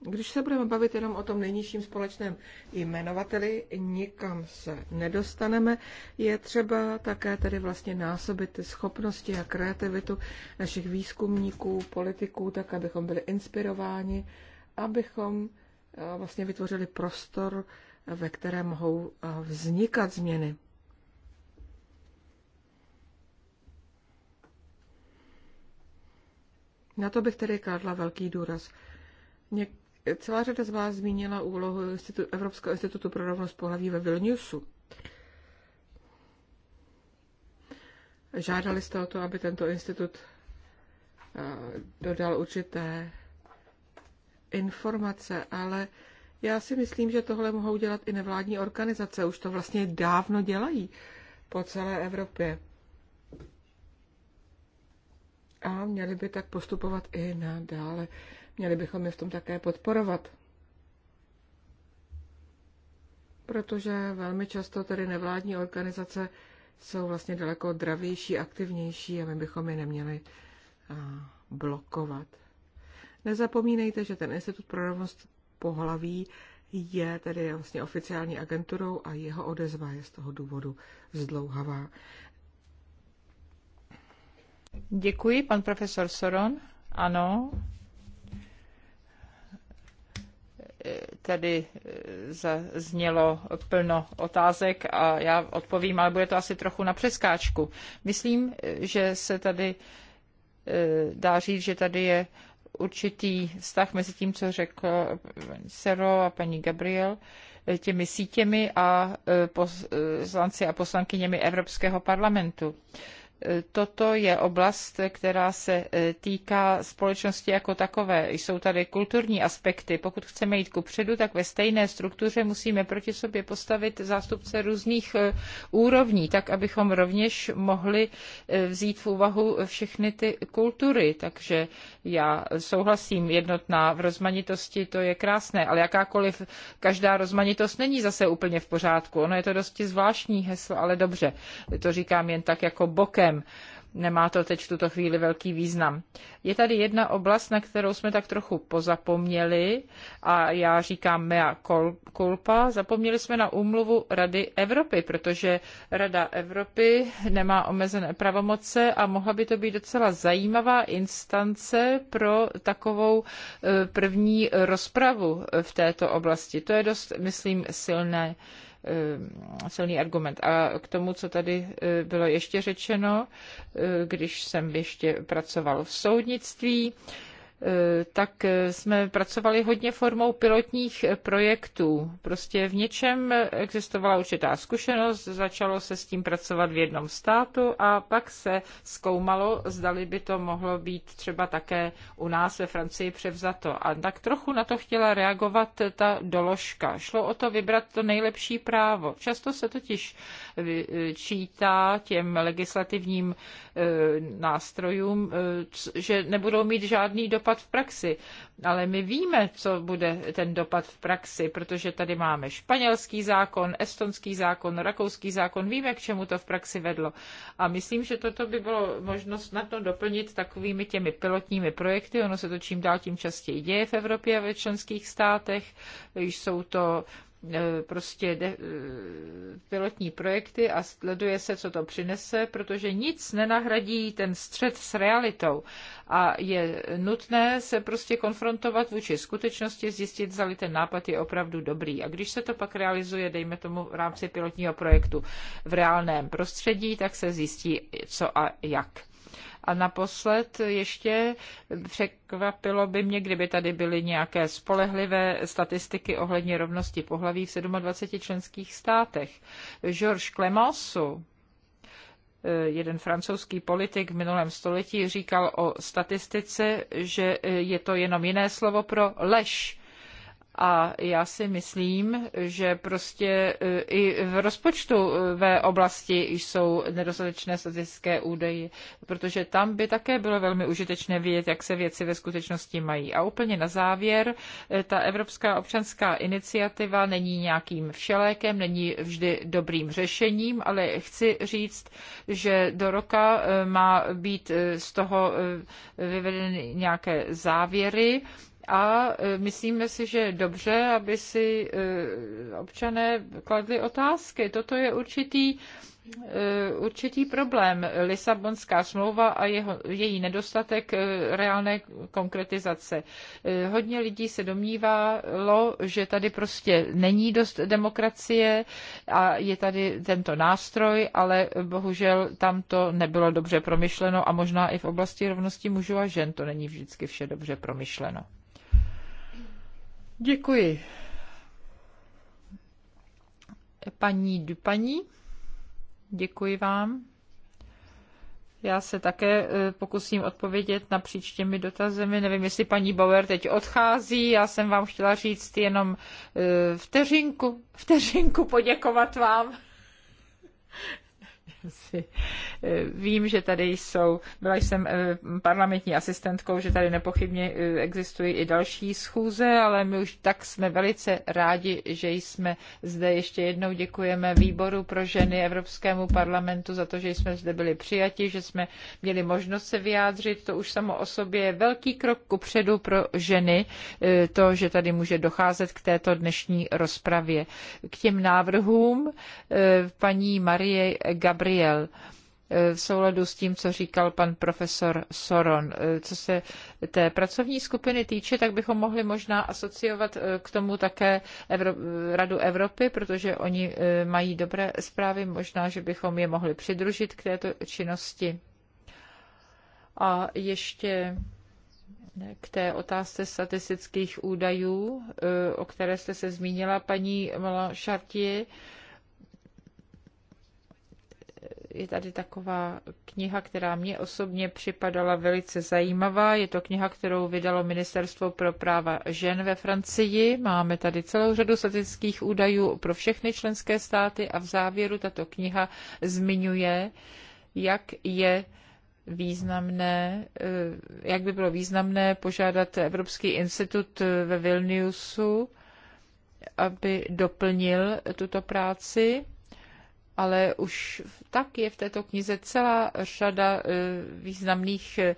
Když se budeme bavit jenom o tom nejnižším společném jmenovateli, nikam se nedostaneme. Je třeba také tedy vlastně násobit ty schopnosti a kreativitu našich výzkumníků, politiků, tak abychom byli inspirováni, abychom eh, vlastně vytvořili prostor, eh, ve kterém mohou eh, vznikat změny. Na to bych tedy kladla velký důraz. Něk- celá řada z vás zmínila úlohu Evropského institutu pro rovnost pohlaví ve Vilniusu. Žádali jste o to, aby tento institut eh, dodal určité informace, ale já si myslím, že tohle mohou dělat i nevládní organizace. Už to vlastně dávno dělají po celé Evropě. A měli by tak postupovat i nadále. Měli bychom je v tom také podporovat. Protože velmi často tedy nevládní organizace jsou vlastně daleko dravější, aktivnější a my bychom je neměli blokovat. Nezapomínejte, že ten Institut pro rovnost pohlaví je tedy vlastně oficiální agenturou a jeho odezva je z toho důvodu zdlouhavá. Děkuji, pan profesor Soron. Ano, tady eh, zaznělo plno otázek a já odpovím, ale bude to asi trochu na přeskáčku. Myslím, eh, že se tady eh, dá říct, že tady je určitý vztah mezi tím, co řekl Sero a paní Gabriel, těmi sítěmi a poslanci a poslankyněmi Evropského parlamentu Toto je oblast, která se e, týká společnosti jako takové. Jsou tady kulturní aspekty. Pokud chceme jít ku předu, tak ve stejné struktuře musíme proti sobě postavit zástupce různých e, úrovní, tak abychom rovněž mohli e, vzít v úvahu všechny ty kultury. Takže já souhlasím, jednotná v rozmanitosti, to je krásné, ale jakákoliv, každá rozmanitost není zase úplně v pořádku. Ono je to dosti zvláštní heslo, ale dobře, to říkám jen tak jako bokem systém. Nemá to teď v tuto chvíli velký význam. Je tady jedna oblast, na kterou jsme tak trochu pozapomněli, a já říkám mea culpa. Zapomněli jsme na úmluvu Rady Evropy, protože Rada Evropy nemá omezené pravomoce a mohla by to být docela zajímavá instance pro takovou eh, první rozpravu v této oblasti. To je dost, myslím, silné Eh, silný argument. A k tomu, co tady eh, bylo ještě řečeno, eh, když jsem ještě pracoval v soudnictví, Eh, tak eh, jsme pracovali hodně formou pilotních eh, projektů. Prostě v něčem existovala určitá zkušenost, začalo se s tím pracovat v jednom státu a pak se zkoumalo, zdali by to mohlo být třeba také u nás ve Francii převzato. A tak trochu na to chtěla reagovat ta doložka. Šlo o to vybrat to nejlepší právo. Často se totiž čítá těm legislativním nástrojům, že nebudou mít žádný dopad dopad v praxi. Ale my víme, co bude ten dopad v praxi, protože tady máme španělský zákon, estonský zákon, rakouský zákon, víme, k čemu to v praxi vedlo. A myslím, že toto by bylo možnost snadno doplnit takovými těmi pilotními projekty. Ono se to čím dál tím častěji děje v Evropě a ve členských státech. jsou to E, prostě de, e, pilotní projekty a sleduje se, co to přinese, protože nic nenahradí ten střed s realitou a je nutné se prostě konfrontovat vůči skutečnosti, zjistit, zda ten nápad je opravdu dobrý. A když se to pak realizuje, dejme tomu v rámci pilotního projektu v reálném prostředí, tak se zjistí, co a jak. A naposled ještě překvapilo by mě, kdyby tady byly nějaké spolehlivé statistiky ohledně rovnosti pohlaví v 27 členských státech. Georges Clemenceau, eh, jeden francouzský politik v minulém století říkal o statistice, že eh, je to jenom jiné slovo pro lež. A já si myslím, že prostě e, i v rozpočtu e, ve oblasti jsou nedostatečné statistické údaje, protože tam by také bylo velmi užitečné vědět, jak se věci ve skutečnosti mají. A úplně na závěr, e, ta Evropská občanská iniciativa není nějakým všelékem, není vždy dobrým řešením, ale chci říct, že do roka má být z toho vyvedeny nějaké závěry a e, myslíme si, že je dobře, aby si e, občané kladli otázky. Toto je určitý e, určitý problém. Lisabonská smlouva a jeho, její nedostatek reálné konkretizace. Hodně lidí se domnívalo, že tady prostě není dost demokracie a je tady tento nástroj, ale bohužel tam to nebylo dobře promyšleno a možná i v oblasti rovnosti mužů a žen to není vždycky vše dobře promyšleno. Děkuji. Paní Dupaní, děkuji vám. Já se také eh, pokusím odpovědět na těmi dotazemi. Nevím, jestli paní Bauer teď odchází. Já jsem vám chtěla říct jenom eh, vteřinku, vteřinku poděkovat vám si eh, vím, že tady jsou, byla jsem eh, parlamentní asistentkou, že tady nepochybně eh, existují i další schůze, ale my už tak jsme velice rádi, že jsme zde. Ještě jednou děkujeme výboru pro ženy Evropskému parlamentu za to, že jsme zde byli přijati, že jsme měli možnost se vyjádřit. To už samo o sobě je velký krok kupředu pro ženy, to, že tady může docházet k této dnešní rozpravě. K těm návrhům paní Marie Gabriel přijel eh, v souladu s tím, co říkal pan profesor Soron. Eh, co se té pracovní skupiny týče, tak bychom mohli možná asociovat eh, k tomu také Radu Evropy, protože oni mají dobré zprávy, možná, že bychom je mohli přidružit k této činnosti. A ještě k té otázce statistických údajů, o které jste se zmínila, paní Mala Chartier je tady taková kniha, která mě osobně připadala velice zajímavá. Je to kniha, kterou vydalo Ministerstvo pro práva žen ve Francii. Máme tady celou řadu statistických údajů pro všechny členské státy a v závěru tato kniha zmiňuje, jak je významné, eh, jak by bylo významné požádat Evropský institut eh, ve Vilniusu, aby doplnil tuto práci ale už tak je v této knize celá řada e, významných e,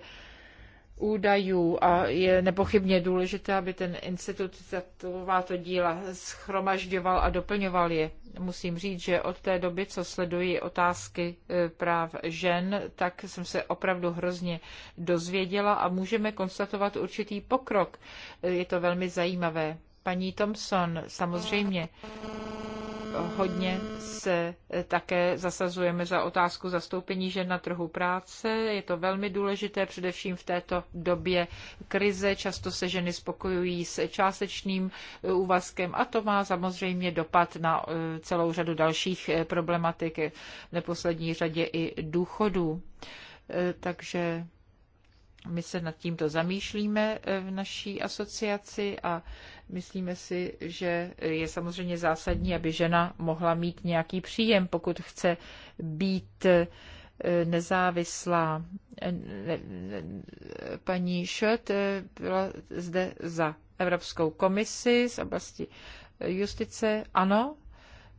údajů a je nepochybně důležité, aby ten institut to díla schromažďoval a doplňoval je. Musím říct, že od té doby, co sleduji otázky e, práv žen, tak jsem se opravdu hrozně dozvěděla a můžeme konstatovat určitý pokrok. Je to velmi zajímavé. Paní Thompson, samozřejmě hodně se eh, také zasazujeme za otázku zastoupení žen na trhu práce. Je to velmi důležité, především v této době krize. Často se ženy spokojují s částečným eh, úvazkem a to má samozřejmě dopad na eh, celou řadu dalších problematik, v neposlední řadě i důchodů. Takže my se nad tímto zamýšlíme eh, v naší asociaci a myslíme si, že je samozřejmě zásadní, aby žena mohla mít nějaký příjem, pokud chce být eh, nezávislá. Eh, paní Šot byla zde za Evropskou komisi z oblasti justice. Ano,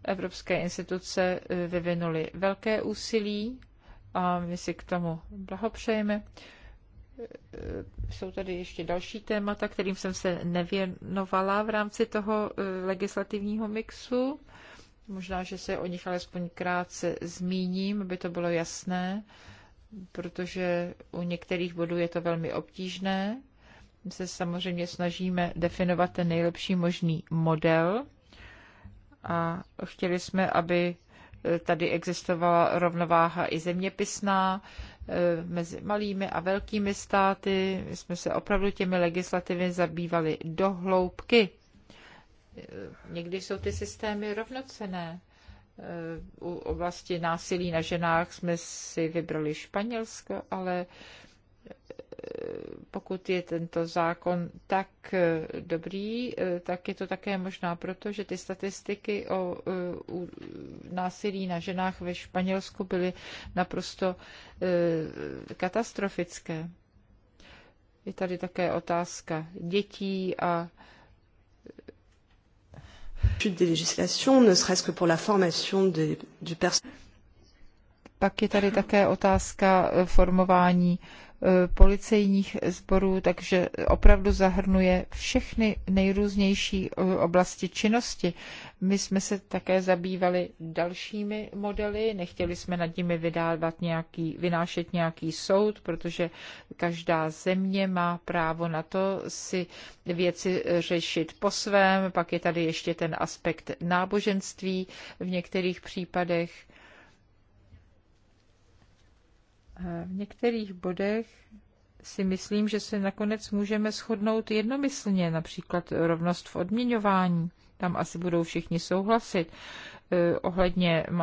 evropské instituce vyvinuly velké úsilí a my si k tomu blahopřejeme jsou tady ještě další témata, kterým jsem se nevěnovala v rámci toho eh, legislativního mixu. Možná, že se o nich alespoň krátce zmíním, aby to bylo jasné, protože u některých bodů je to velmi obtížné. My se samozřejmě snažíme definovat ten nejlepší možný model a chtěli jsme, aby tady existovala rovnováha i zeměpisná eh, mezi malými a velkými státy. My jsme se opravdu těmi legislativy zabývali do hloubky. Eh, někdy jsou ty systémy rovnocené. Eh, u oblasti násilí na ženách jsme si vybrali Španělsko, ale pokud je tento zákon tak eh, dobrý, eh, tak je to také možná proto, že ty statistiky o eh, násilí na ženách ve Španělsku byly naprosto katastrofické. Je tady také otázka dětí a Pak je tady také otázka formování Eh, policejních sborů, takže opravdu zahrnuje všechny nejrůznější eh, oblasti činnosti. My jsme se také zabývali dalšími modely, nechtěli jsme nad nimi vydávat nějaký, vynášet nějaký soud, protože každá země má právo na to si věci řešit po svém, pak je tady ještě ten aspekt náboženství v některých případech V některých bodech si myslím, že se nakonec můžeme shodnout jednomyslně, například rovnost v odměňování. Tam asi budou všichni souhlasit. E, ohledně ohledně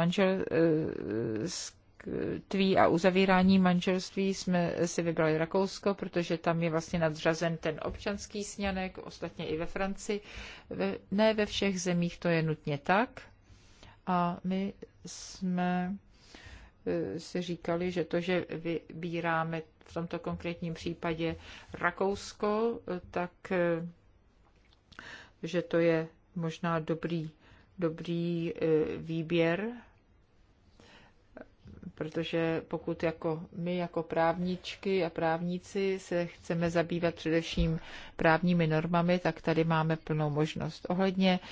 manželství e, a uzavírání manželství jsme si vybrali Rakousko, protože tam je vlastně nadřazen ten občanský sněnek, ostatně i ve Francii. ne ve všech zemích to je nutně tak. A my jsme Eh, si říkali, že to, že vybíráme v tomto konkrétním případě Rakousko, eh, tak eh, že to je možná dobrý, dobrý výběr, protože pokud jako my jako právničky a právníci se chceme zabývat především právními normami, tak tady máme plnou možnost. Ohledně eh,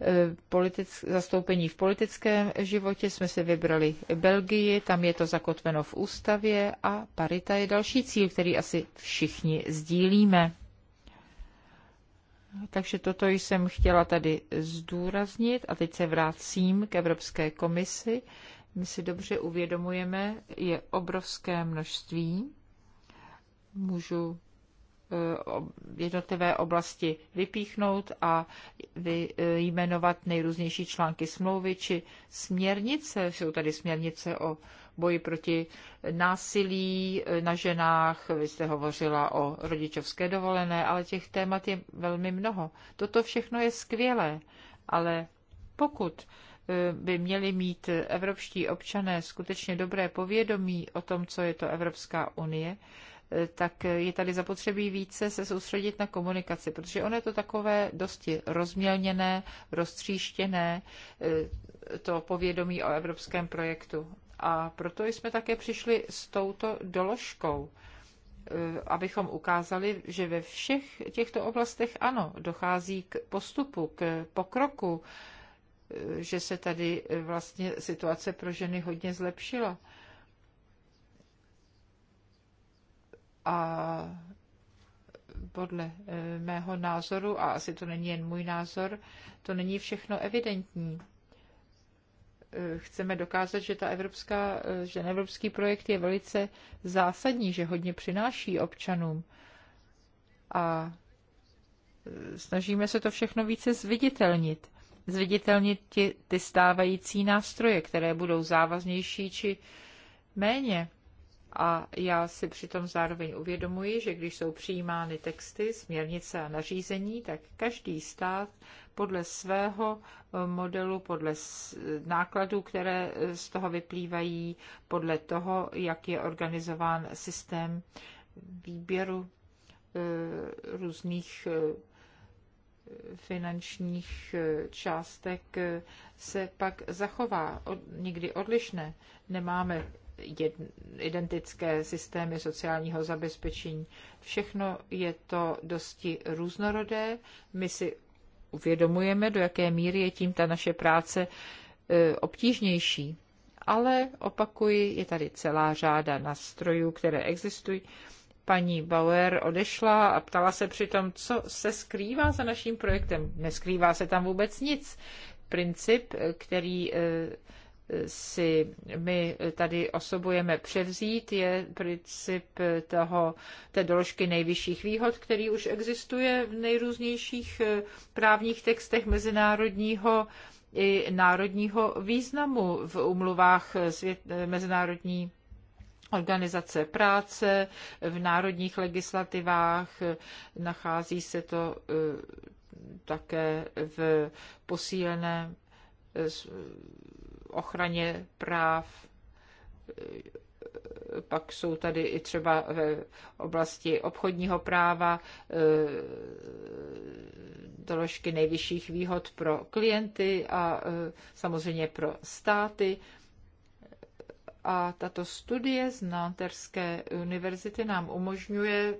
Eh, politic, zastoupení v politickém životě jsme si vybrali Belgii, tam je to zakotveno v ústavě a parita je další cíl, který asi všichni sdílíme. Takže toto jsem chtěla tady zdůraznit a teď se vracím k Evropské komisi. My si dobře uvědomujeme, je obrovské množství. Můžu Eh, jednotlivé oblasti vypíchnout a eh, jmenovat nejrůznější články smlouvy či směrnice. Jsou tady směrnice o boji proti násilí eh, na ženách, vy jste hovořila o rodičovské dovolené, ale těch témat je velmi mnoho. Toto všechno je skvělé, ale pokud by měli mít evropští občané skutečně dobré povědomí o tom, co je to Evropská unie, tak je tady zapotřebí více se soustředit na komunikaci, protože ono je to takové dosti rozmělněné, roztříštěné, eh, to povědomí o evropském projektu. A proto jsme také přišli s touto doložkou eh, abychom ukázali, že ve všech těchto oblastech ano, dochází k postupu, k pokroku, eh, že se tady vlastně situace pro ženy hodně zlepšila. A podle eh, mého názoru, a asi to není jen můj názor, to není všechno evidentní. Eh, chceme dokázat, že, ta evropská, eh, že ten evropský projekt je velice zásadní, že hodně přináší občanům. A snažíme se to všechno více zviditelnit. Zviditelnit ty, ty stávající nástroje, které budou závaznější či méně a já si přitom zároveň uvědomuji, že když jsou přijímány texty, směrnice a nařízení, tak každý stát podle svého eh, modelu, podle eh, nákladů, které eh, z toho vyplývají, podle toho, jak je organizován systém výběru různých finančních částek se pak zachová od, někdy odlišné. Nemáme identické systémy sociálního zabezpečení. Všechno je to dosti různorodé. My si uvědomujeme, do jaké míry je tím ta naše práce e, obtížnější. Ale opakuji, je tady celá řáda nástrojů, které existují. Paní Bauer odešla a ptala se přitom, co se skrývá za naším projektem. Neskrývá se tam vůbec nic. Princip, který e, si my tady osobujeme převzít, je princip toho, té doložky nejvyšších výhod, který už existuje v nejrůznějších eh, právních textech mezinárodního i národního významu v umluvách eh, svět, eh, mezinárodní organizace práce, v národních legislativách, nachází se to také v posílené ochraně práv, pak jsou tady i třeba ve oblasti obchodního práva e, doložky nejvyšších výhod pro klienty a e, samozřejmě pro státy. A tato studie z Nanterské univerzity nám umožňuje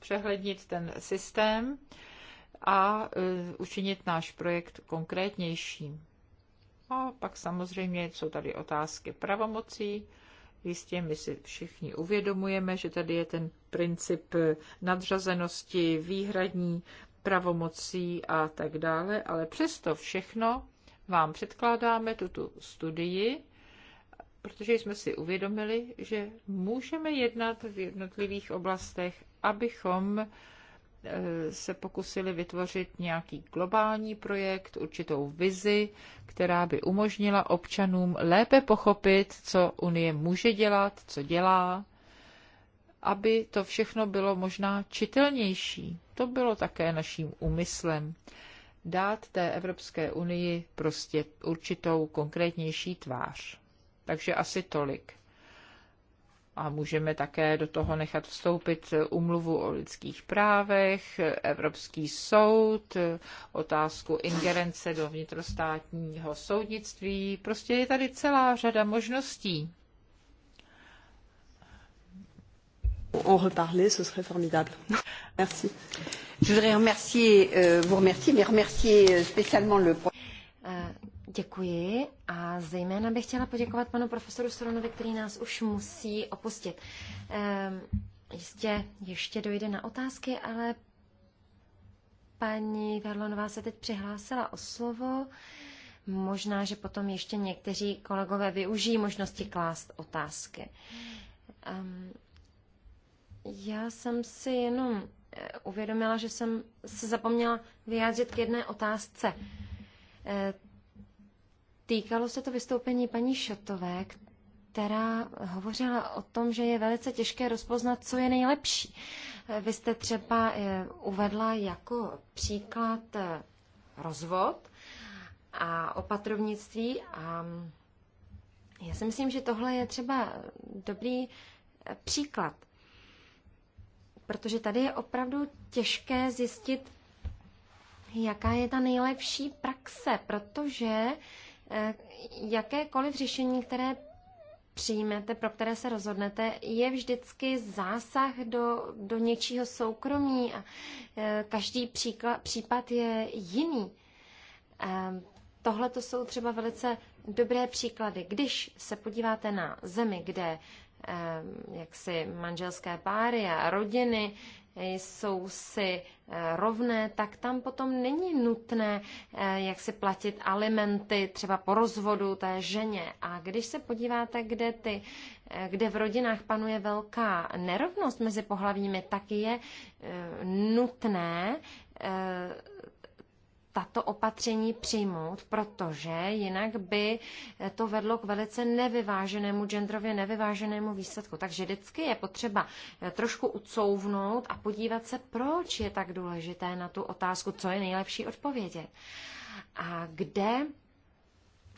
přehlednit ten systém a e, učinit náš projekt konkrétnějším. A pak samozřejmě jsou tady otázky pravomocí. Jistě my si všichni uvědomujeme, že tady je ten princip nadřazenosti, výhradní pravomocí a tak dále, ale přesto všechno vám předkládáme tuto studii, protože jsme si uvědomili, že můžeme jednat v jednotlivých oblastech, abychom Eh, se pokusili vytvořit nějaký globální projekt, určitou vizi, která by umožnila občanům lépe pochopit, co Unie může dělat, co dělá, aby to všechno bylo možná čitelnější. To bylo také naším úmyslem dát té Evropské unii prostě určitou konkrétnější tvář. Takže asi tolik a můžeme také do toho nechat vstoupit umluvu o lidských právech, Evropský soud, otázku ingerence do vnitrostátního soudnictví. Prostě je tady celá řada možností. On reparler, ce serait formidable. Merci. Je voudrais remercier, euh, vous remercier, mais remercier spécialement le Děkuji a zejména bych chtěla poděkovat panu profesoru Soronovi, který nás už musí opustit. Ehm, jistě ještě dojde na otázky, ale paní Verlonová se teď přihlásila o slovo. Možná, že potom ještě někteří kolegové využijí možnosti klást otázky. Um, já jsem si jenom eh, uvědomila, že jsem se zapomněla vyjádřit k jedné otázce. Eh, Týkalo se to vystoupení paní Šotové, která hovořila o tom, že je velice těžké rozpoznat, co je nejlepší. Vy jste třeba eh, uvedla jako příklad eh, rozvod a opatrovnictví a mm, já si myslím, že tohle je třeba dobrý eh, příklad, protože tady je opravdu těžké zjistit, jaká je ta nejlepší praxe, protože Eh, jakékoliv řešení, které přijmete, pro které se rozhodnete, je vždycky zásah do, do něčího soukromí a eh, každý příklad, případ je jiný. Eh, tohle to jsou třeba velice dobré příklady. Když se podíváte na zemi, kde jak si manželské páry a rodiny jsou si eh, rovné, tak tam potom není nutné, eh, jak si platit alimenty třeba po rozvodu té ženě. A když se podíváte, kde, ty, eh, kde v rodinách panuje velká nerovnost mezi pohlavními, tak je nutné tato opatření přijmout, protože jinak by to vedlo k velice nevyváženému, genderově nevyváženému výsledku. Takže vždycky je potřeba eh, trošku ucouvnout a podívat se, proč je tak důležité na tu otázku, co je nejlepší odpovědět. A kde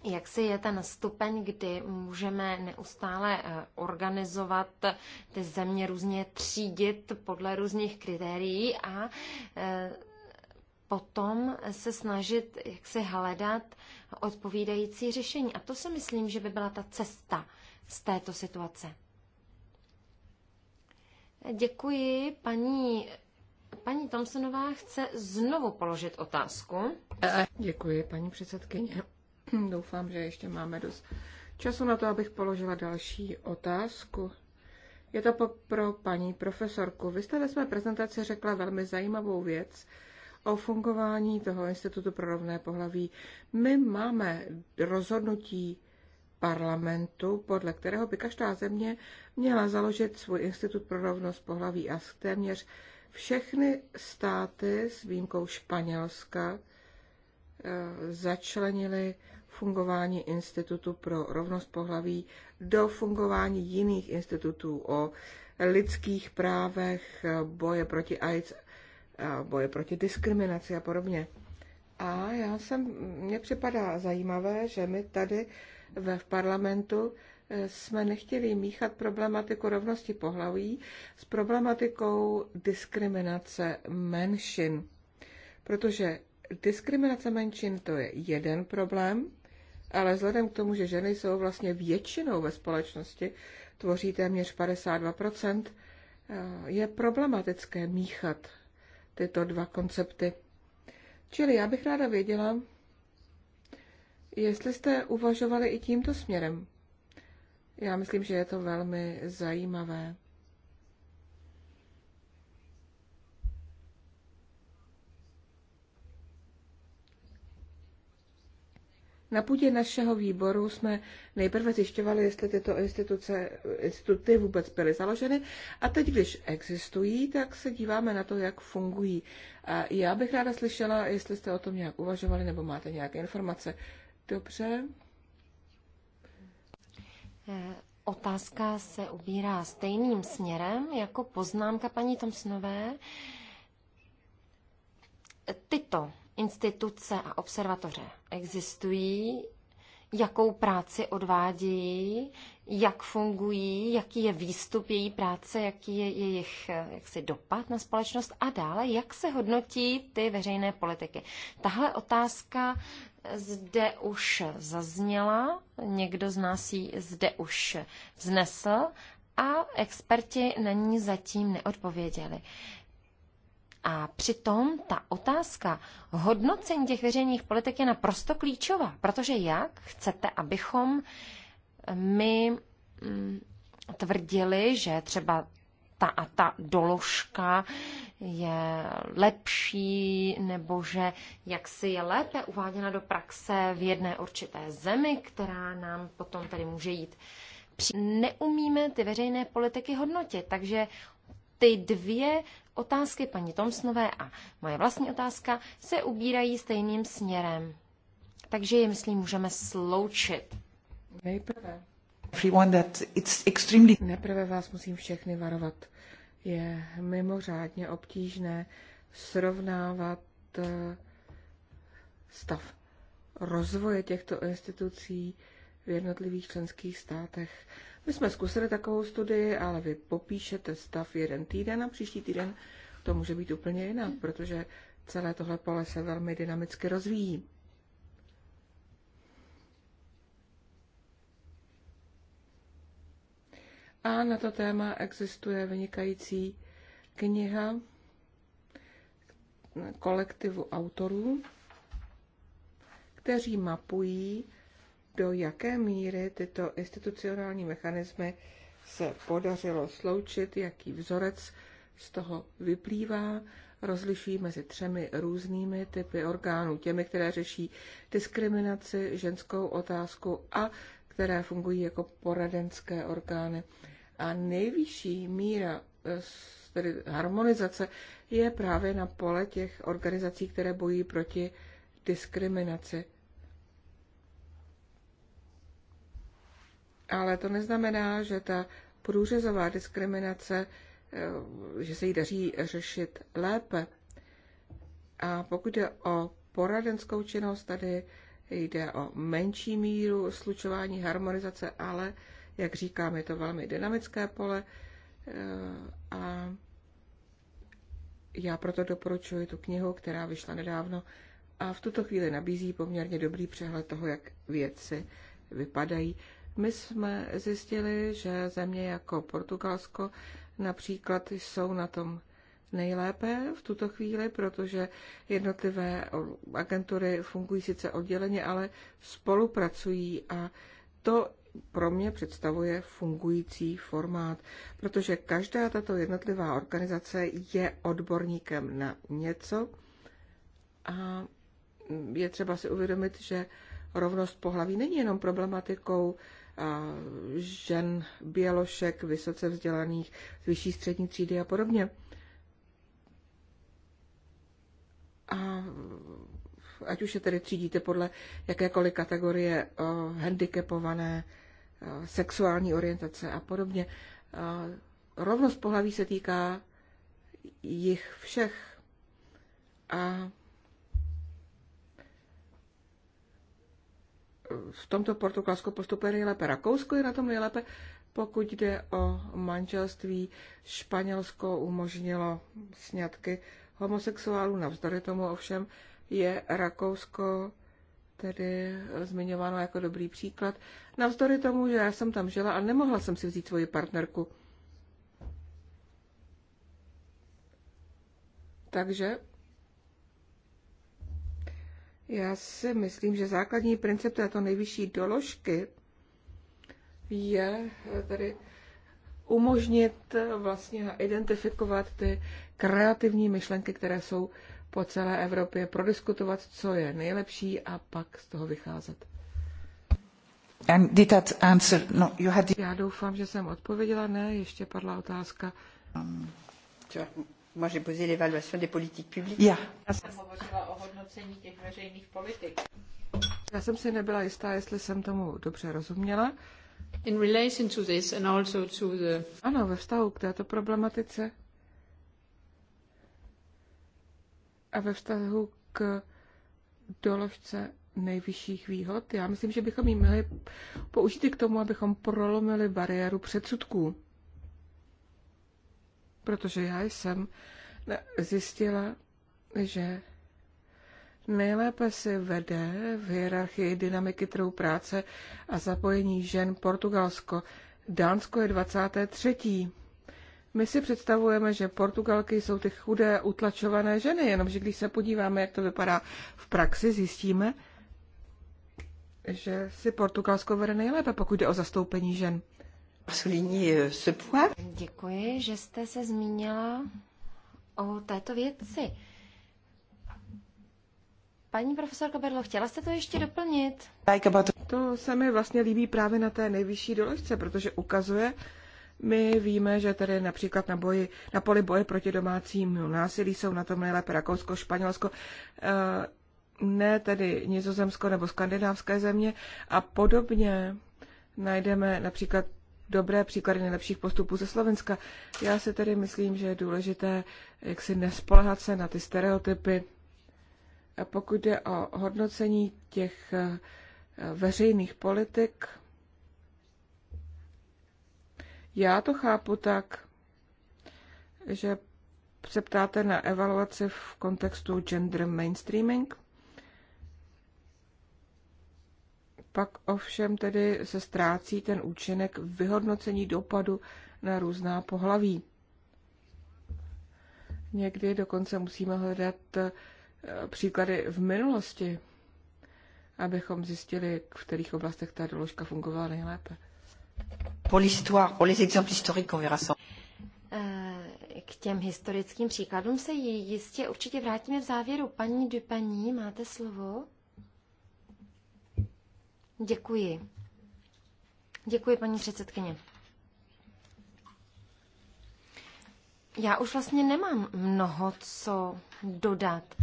jak si je ten stupeň, kdy můžeme neustále eh, organizovat eh, ty země různě třídit podle různých kritérií a potom se snažit, jak se hledat odpovídající řešení. A to si myslím, že by byla ta cesta z této situace. Děkuji. Paní, paní Tomsonová chce znovu položit otázku. Děkuji, paní předsedkyně. Doufám, že ještě máme dost času na to, abych položila další otázku. Je to pro paní profesorku. Vy jste ve své prezentaci řekla velmi zajímavou věc, o fungování toho Institutu pro rovné pohlaví. My máme rozhodnutí parlamentu, podle kterého by každá země měla založit svůj Institut pro rovnost pohlaví a téměř všechny státy s výjimkou Španělska eh, začlenili fungování Institutu pro rovnost pohlaví do fungování jiných institutů o lidských právech, boje proti AIDS boje proti diskriminaci a podobně. A já jsem, mě připadá zajímavé, že my tady ve v parlamentu eh, jsme nechtěli míchat problematiku rovnosti pohlaví s problematikou diskriminace menšin. Protože diskriminace menšin to je jeden problém, ale vzhledem k tomu, že ženy jsou vlastně většinou ve společnosti, tvoří téměř 52%, eh, je problematické míchat tyto dva koncepty. Čili já bych ráda věděla, jestli jste uvažovali i tímto směrem. Já myslím, že je to velmi zajímavé. Na půdě našeho výboru jsme nejprve zjišťovali, jestli tyto instituce, instituty vůbec byly založeny a teď, když existují, tak se díváme na to, jak fungují. A já bych ráda slyšela, jestli jste o tom nějak uvažovali nebo máte nějaké informace. Dobře. Eh, otázka se ubírá stejným směrem jako poznámka paní Tomsnové. Tyto instituce a observatoře existují, jakou práci odvádějí, jak fungují, jaký je výstup její práce, jaký je jejich jaksi dopad na společnost a dále, jak se hodnotí ty veřejné politiky. Tahle otázka zde už zazněla, někdo z nás ji zde už vznesl a experti na ní zatím neodpověděli. A přitom ta otázka hodnocení těch veřejných politik je naprosto klíčová, protože jak chcete, abychom eh, my mm, tvrdili, že třeba ta a ta doložka je lepší nebo že jak si je lépe uváděna do praxe v jedné určité zemi, která nám potom tady může jít neumíme ty veřejné politiky hodnotit, takže ty dvě otázky paní Tomsnové a moje vlastní otázka se ubírají stejným směrem. Takže je, myslím, můžeme sloučit. Nejprve. Nejprve vás musím všechny varovat. Je mimořádně obtížné srovnávat eh, stav rozvoje těchto institucí v jednotlivých členských státech. My jsme zkusili takovou studii, ale vy popíšete stav jeden týden a příští týden to může být úplně jinak, protože celé tohle pole se velmi dynamicky rozvíjí. A na to téma existuje vynikající kniha kolektivu autorů, kteří mapují do jaké míry tyto institucionální mechanismy se podařilo sloučit, jaký vzorec z toho vyplývá, rozliší mezi třemi různými typy orgánů. Těmi, které řeší diskriminaci, ženskou otázku a které fungují jako poradenské orgány. A nejvyšší míra eh, tedy harmonizace je právě na pole těch organizací, které bojí proti diskriminaci. ale to neznamená, že ta průřezová diskriminace, eh, že se jí daří řešit lépe. A pokud jde o poradenskou činnost, tady jde o menší míru slučování harmonizace, ale, jak říkám, je to velmi dynamické pole eh, a já proto doporučuji tu knihu, která vyšla nedávno a v tuto chvíli nabízí poměrně dobrý přehled toho, jak věci vypadají. My jsme zjistili, že země jako Portugalsko například jsou na tom nejlépe v tuto chvíli, protože jednotlivé agentury fungují sice odděleně, ale spolupracují a to pro mě představuje fungující formát, protože každá tato jednotlivá organizace je odborníkem na něco a je třeba si uvědomit, že rovnost pohlaví není jenom problematikou žen bělošek, vysoce vzdělaných, z vyšší střední třídy a podobně. A ať už je tedy třídíte podle jakékoliv kategorie eh, handicapované, eh, sexuální orientace a podobně. Eh, rovnost pohlaví se týká jich všech. A v tomto Portugalsku postupuje nejlépe. Rakousko je na tom nejlépe, pokud jde o manželství. Španělsko umožnilo sňatky homosexuálů, navzdory tomu ovšem je Rakousko tedy zmiňováno jako dobrý příklad. Navzdory tomu, že já jsem tam žila a nemohla jsem si vzít svoji partnerku. Takže já si myslím, že základní princip této nejvyšší doložky je eh, tedy umožnit eh, vlastně identifikovat ty kreativní myšlenky, které jsou po celé Evropě, prodiskutovat, co je nejlepší a pak z toho vycházet. And did that answer? No, you had... Já doufám, že jsem odpověděla. Ne, ještě padla otázka. Um, Moi, j'ai posé l'évaluation des politiques publiques. Já. Já jsem hovořila o hodnocení těch veřejných politik. Já jsem si nebyla jistá, jestli jsem tomu dobře rozuměla. In relation to this and also to the... Ano, ve vztahu k této problematice a ve vztahu k doložce nejvyšších výhod. Já myslím, že bychom ji měli použít k tomu, abychom prolomili bariéru předsudků protože já jsem zjistila, že nejlépe si vede v hierarchii dynamiky trhu práce a zapojení žen Portugalsko. Dánsko je 23. My si představujeme, že Portugalky jsou ty chudé, utlačované ženy, jenomže když se podíváme, jak to vypadá v praxi, zjistíme, že si Portugalsko vede nejlépe, pokud jde o zastoupení žen. Euh, Děkuji, že jste se zmínila o této věci. Paní profesorka Berlo, chtěla jste to ještě doplnit? To se mi vlastně líbí právě na té nejvyšší doložce, protože ukazuje, my víme, že tady například na, boji, na poli boje proti domácímu násilí jsou na tom nejlépe Rakousko, Španělsko, eh, ne tedy Nizozemsko nebo skandinávské země a podobně najdeme například dobré příklady nejlepších postupů ze Slovenska. Já si tedy myslím, že je důležité jak si nespolehat se na ty stereotypy. A pokud jde o hodnocení těch eh, veřejných politik, já to chápu tak, že se ptáte na evaluaci v kontextu gender mainstreaming. Pak ovšem tedy se ztrácí ten účinek vyhodnocení dopadu na různá pohlaví. Někdy dokonce musíme hledat eh, příklady v minulosti, abychom zjistili, v kterých oblastech ta doložka fungovala nejlépe. Pour pour les exemples historiques, on eh, K těm historickým příkladům se jistě určitě vrátíme v závěru. Paní Dupaní, máte slovo? Děkuji. Děkuji, paní předsedkyně. Já už vlastně nemám mnoho co dodat.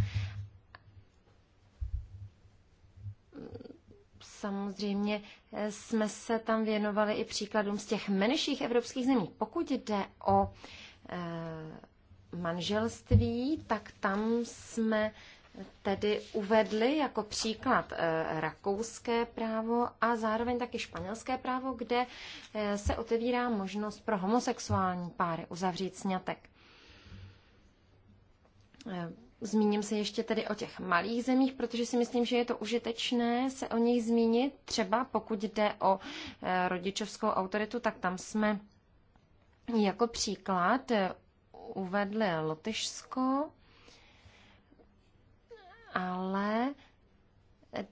Samozřejmě jsme se tam věnovali i příkladům z těch menších evropských zemí. Pokud jde o eh, manželství, tak tam jsme tedy uvedli jako příklad eh, rakouské právo a zároveň taky španělské právo, kde eh, se otevírá možnost pro homosexuální páry uzavřít sňatek. Eh, zmíním se ještě tedy o těch malých zemích, protože si myslím, že je to užitečné se o nich zmínit. Třeba pokud jde o rodičovskou autoritu, tak tam jsme jako příklad uvedli Lotyšsko, ale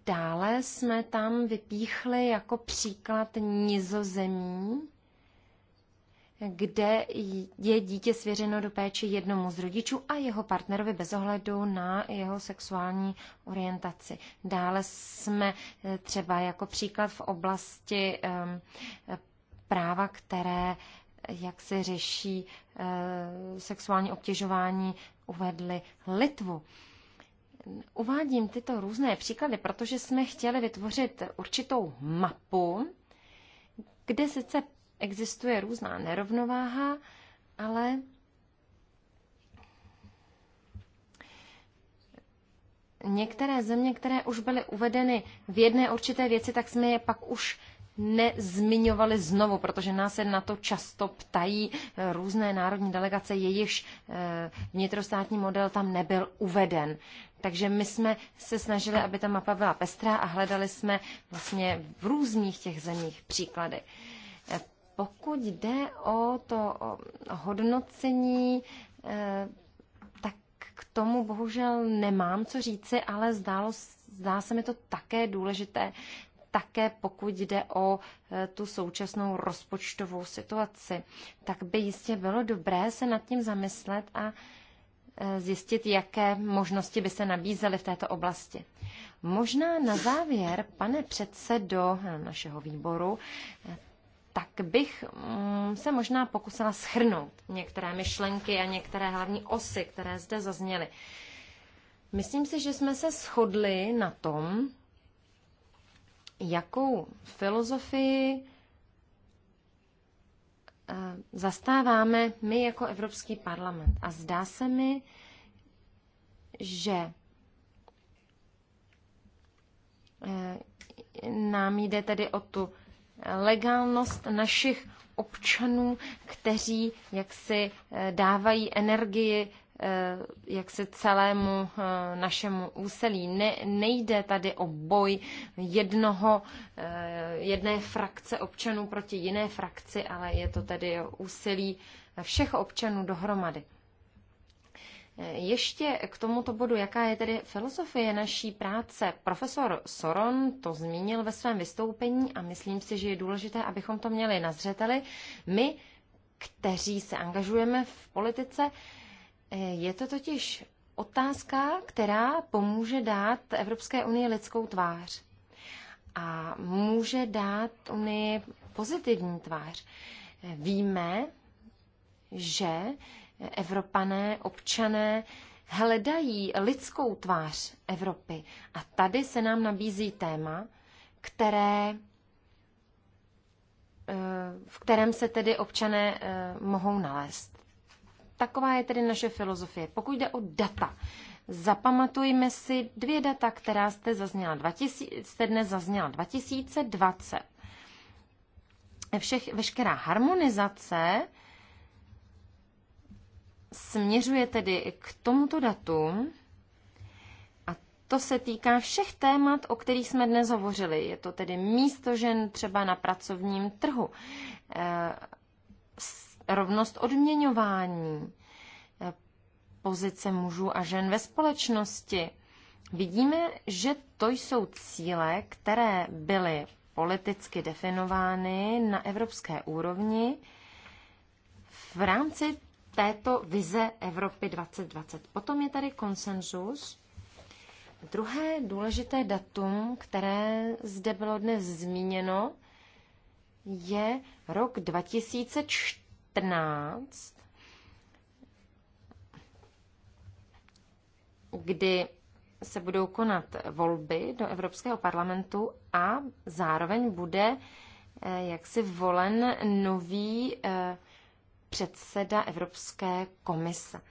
dále jsme tam vypíchli jako příklad nizozemí, kde je dítě svěřeno do péče jednomu z rodičů a jeho partnerovi bez ohledu na jeho sexuální orientaci. Dále jsme eh, třeba jako příklad v oblasti ehm, práva, které eh, jak se řeší eh, sexuální obtěžování, uvedli Litvu. Uvádím tyto různé příklady, protože jsme chtěli vytvořit určitou mapu, kde sice existuje různá nerovnováha, ale některé země, které už byly uvedeny v jedné určité věci, tak jsme je pak už nezmiňovali znovu, protože nás se na to často ptají různé národní delegace, jejichž eh, vnitrostátní model tam nebyl uveden. Takže my jsme se snažili, aby ta mapa byla pestrá a hledali jsme vlastně v různých těch zemích příklady. Eh, pokud jde o to hodnocení, eh, tak k tomu bohužel nemám co říci, ale zdálo, zdá se mi to také důležité také pokud jde o e, tu současnou rozpočtovou situaci. Tak by jistě bylo dobré se nad tím zamyslet a e, zjistit, jaké možnosti by se nabízely v této oblasti. Možná na závěr, pane předsedo našeho výboru, e, tak bych mm, se možná pokusila schrnout některé myšlenky a některé hlavní osy, které zde zazněly. Myslím si, že jsme se shodli na tom, jakou filozofii eh, zastáváme my jako Evropský parlament. A zdá se mi, že eh, nám jde tedy o tu legálnost našich občanů, kteří jaksi eh, dávají energii Eh, jak se celému eh, našemu úsilí. Ne, nejde tady o boj jednoho, eh, jedné frakce občanů proti jiné frakci, ale je to tedy o úsilí všech občanů dohromady. Ještě k tomuto bodu, jaká je tedy filozofie naší práce. Profesor Soron to zmínil ve svém vystoupení a myslím si, že je důležité, abychom to měli na zřeteli. My, kteří se angažujeme v politice, Eh, je to totiž otázka, která pomůže dát Evropské unii lidskou tvář a může dát unii pozitivní tvář. Eh, víme, že Evropané, občané hledají lidskou tvář Evropy. A tady se nám nabízí téma, které, eh, v kterém se tedy občané mohou nalézt. Taková je tedy naše filozofie. Pokud jde o data, zapamatujme si dvě data, která jste, zazněla 2000, jste dnes zazněla 2020. Všech, veškerá harmonizace směřuje tedy k tomuto datu a to se týká všech témat, o kterých jsme dnes hovořili. Je to tedy místo žen třeba na pracovním trhu. E, rovnost odměňování, eh, pozice mužů a žen ve společnosti. Vidíme, že to jsou cíle, které byly politicky definovány na evropské úrovni v rámci této vize Evropy 2020. Potom je tady konsenzus. Druhé důležité datum, které zde bylo dnes zmíněno, je rok 2004. 14, kdy se budou konat volby do Evropského parlamentu a zároveň bude eh, jaksi volen nový eh, předseda Evropské komise.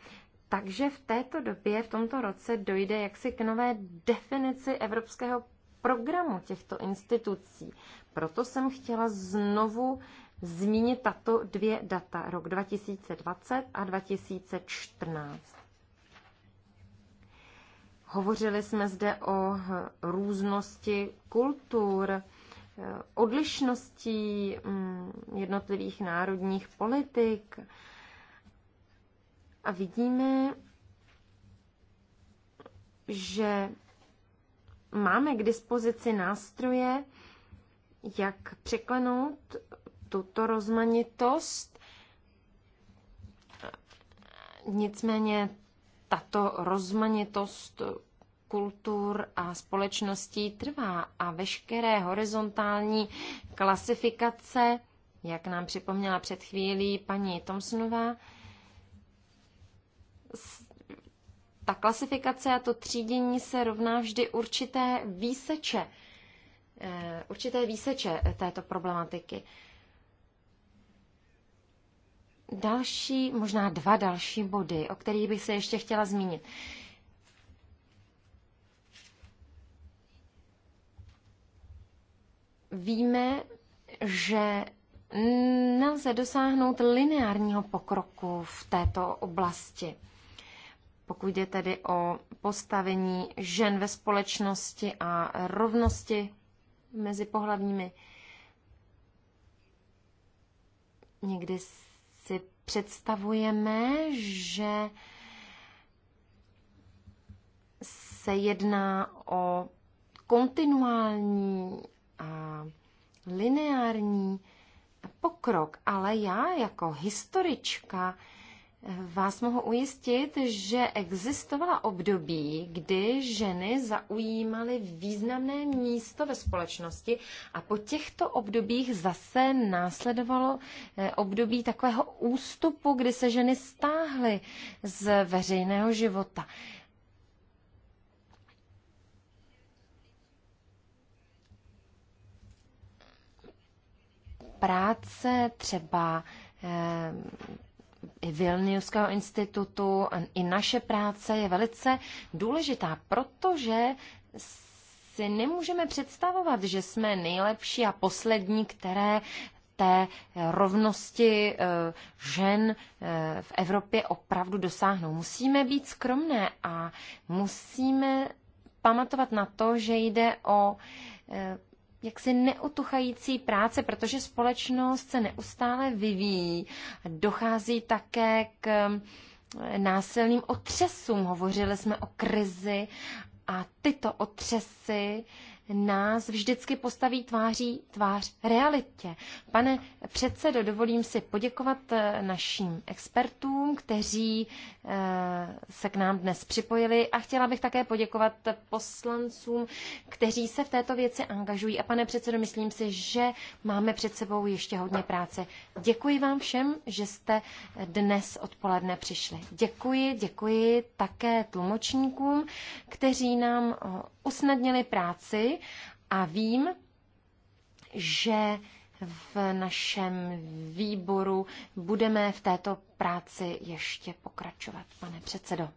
Takže v této době, v tomto roce, dojde jaksi k nové definici Evropského programu těchto institucí. Proto jsem chtěla znovu zmínit tato dvě data, rok 2020 a 2014. Hovořili jsme zde o různosti kultur, odlišností mm, jednotlivých národních politik a vidíme, že máme k dispozici nástroje, jak překlenout tuto rozmanitost. Nicméně tato rozmanitost kultur a společností trvá a veškeré horizontální klasifikace, jak nám připomněla před chvílí paní Tomsonová, ta klasifikace a to třídění se rovná vždy určité výseče, eh, určité výseče této problematiky další, možná dva další body, o kterých bych se ještě chtěla zmínit. Víme, že nelze dosáhnout lineárního pokroku v této oblasti. Pokud jde tedy o postavení žen ve společnosti a rovnosti mezi pohlavními, někdy představujeme, že se jedná o kontinuální a lineární pokrok, ale já jako historička vás mohu ujistit, že existovala období, kdy ženy zaujímaly významné místo ve společnosti a po těchto obdobích zase následovalo eh, období takového ústupu, kdy se ženy stáhly z veřejného života. Práce třeba eh, i Vilniuského institutu i naše práce je velice důležitá, protože si nemůžeme představovat, že jsme nejlepší a poslední, které té eh, rovnosti eh, žen eh, v Evropě opravdu dosáhnou. Musíme být skromné a musíme pamatovat na to, že jde o jaksi neutuchající práce, protože společnost se neustále vyvíjí. Dochází také k eh, násilným otřesům. Hovořili jsme o krizi a tyto otřesy nás vždycky postaví tváří tvář realitě. Pane předsedo, dovolím si poděkovat eh, našim expertům, kteří eh, se k nám dnes připojili a chtěla bych také poděkovat poslancům, kteří se v této věci angažují. A pane předsedo, myslím si, že máme před sebou ještě hodně práce. Děkuji vám všem, že jste dnes odpoledne přišli. Děkuji, děkuji také tlumočníkům, kteří nám eh, usnadnili práci a vím, že v našem výboru budeme v této práci ještě pokračovat, pane předsedo.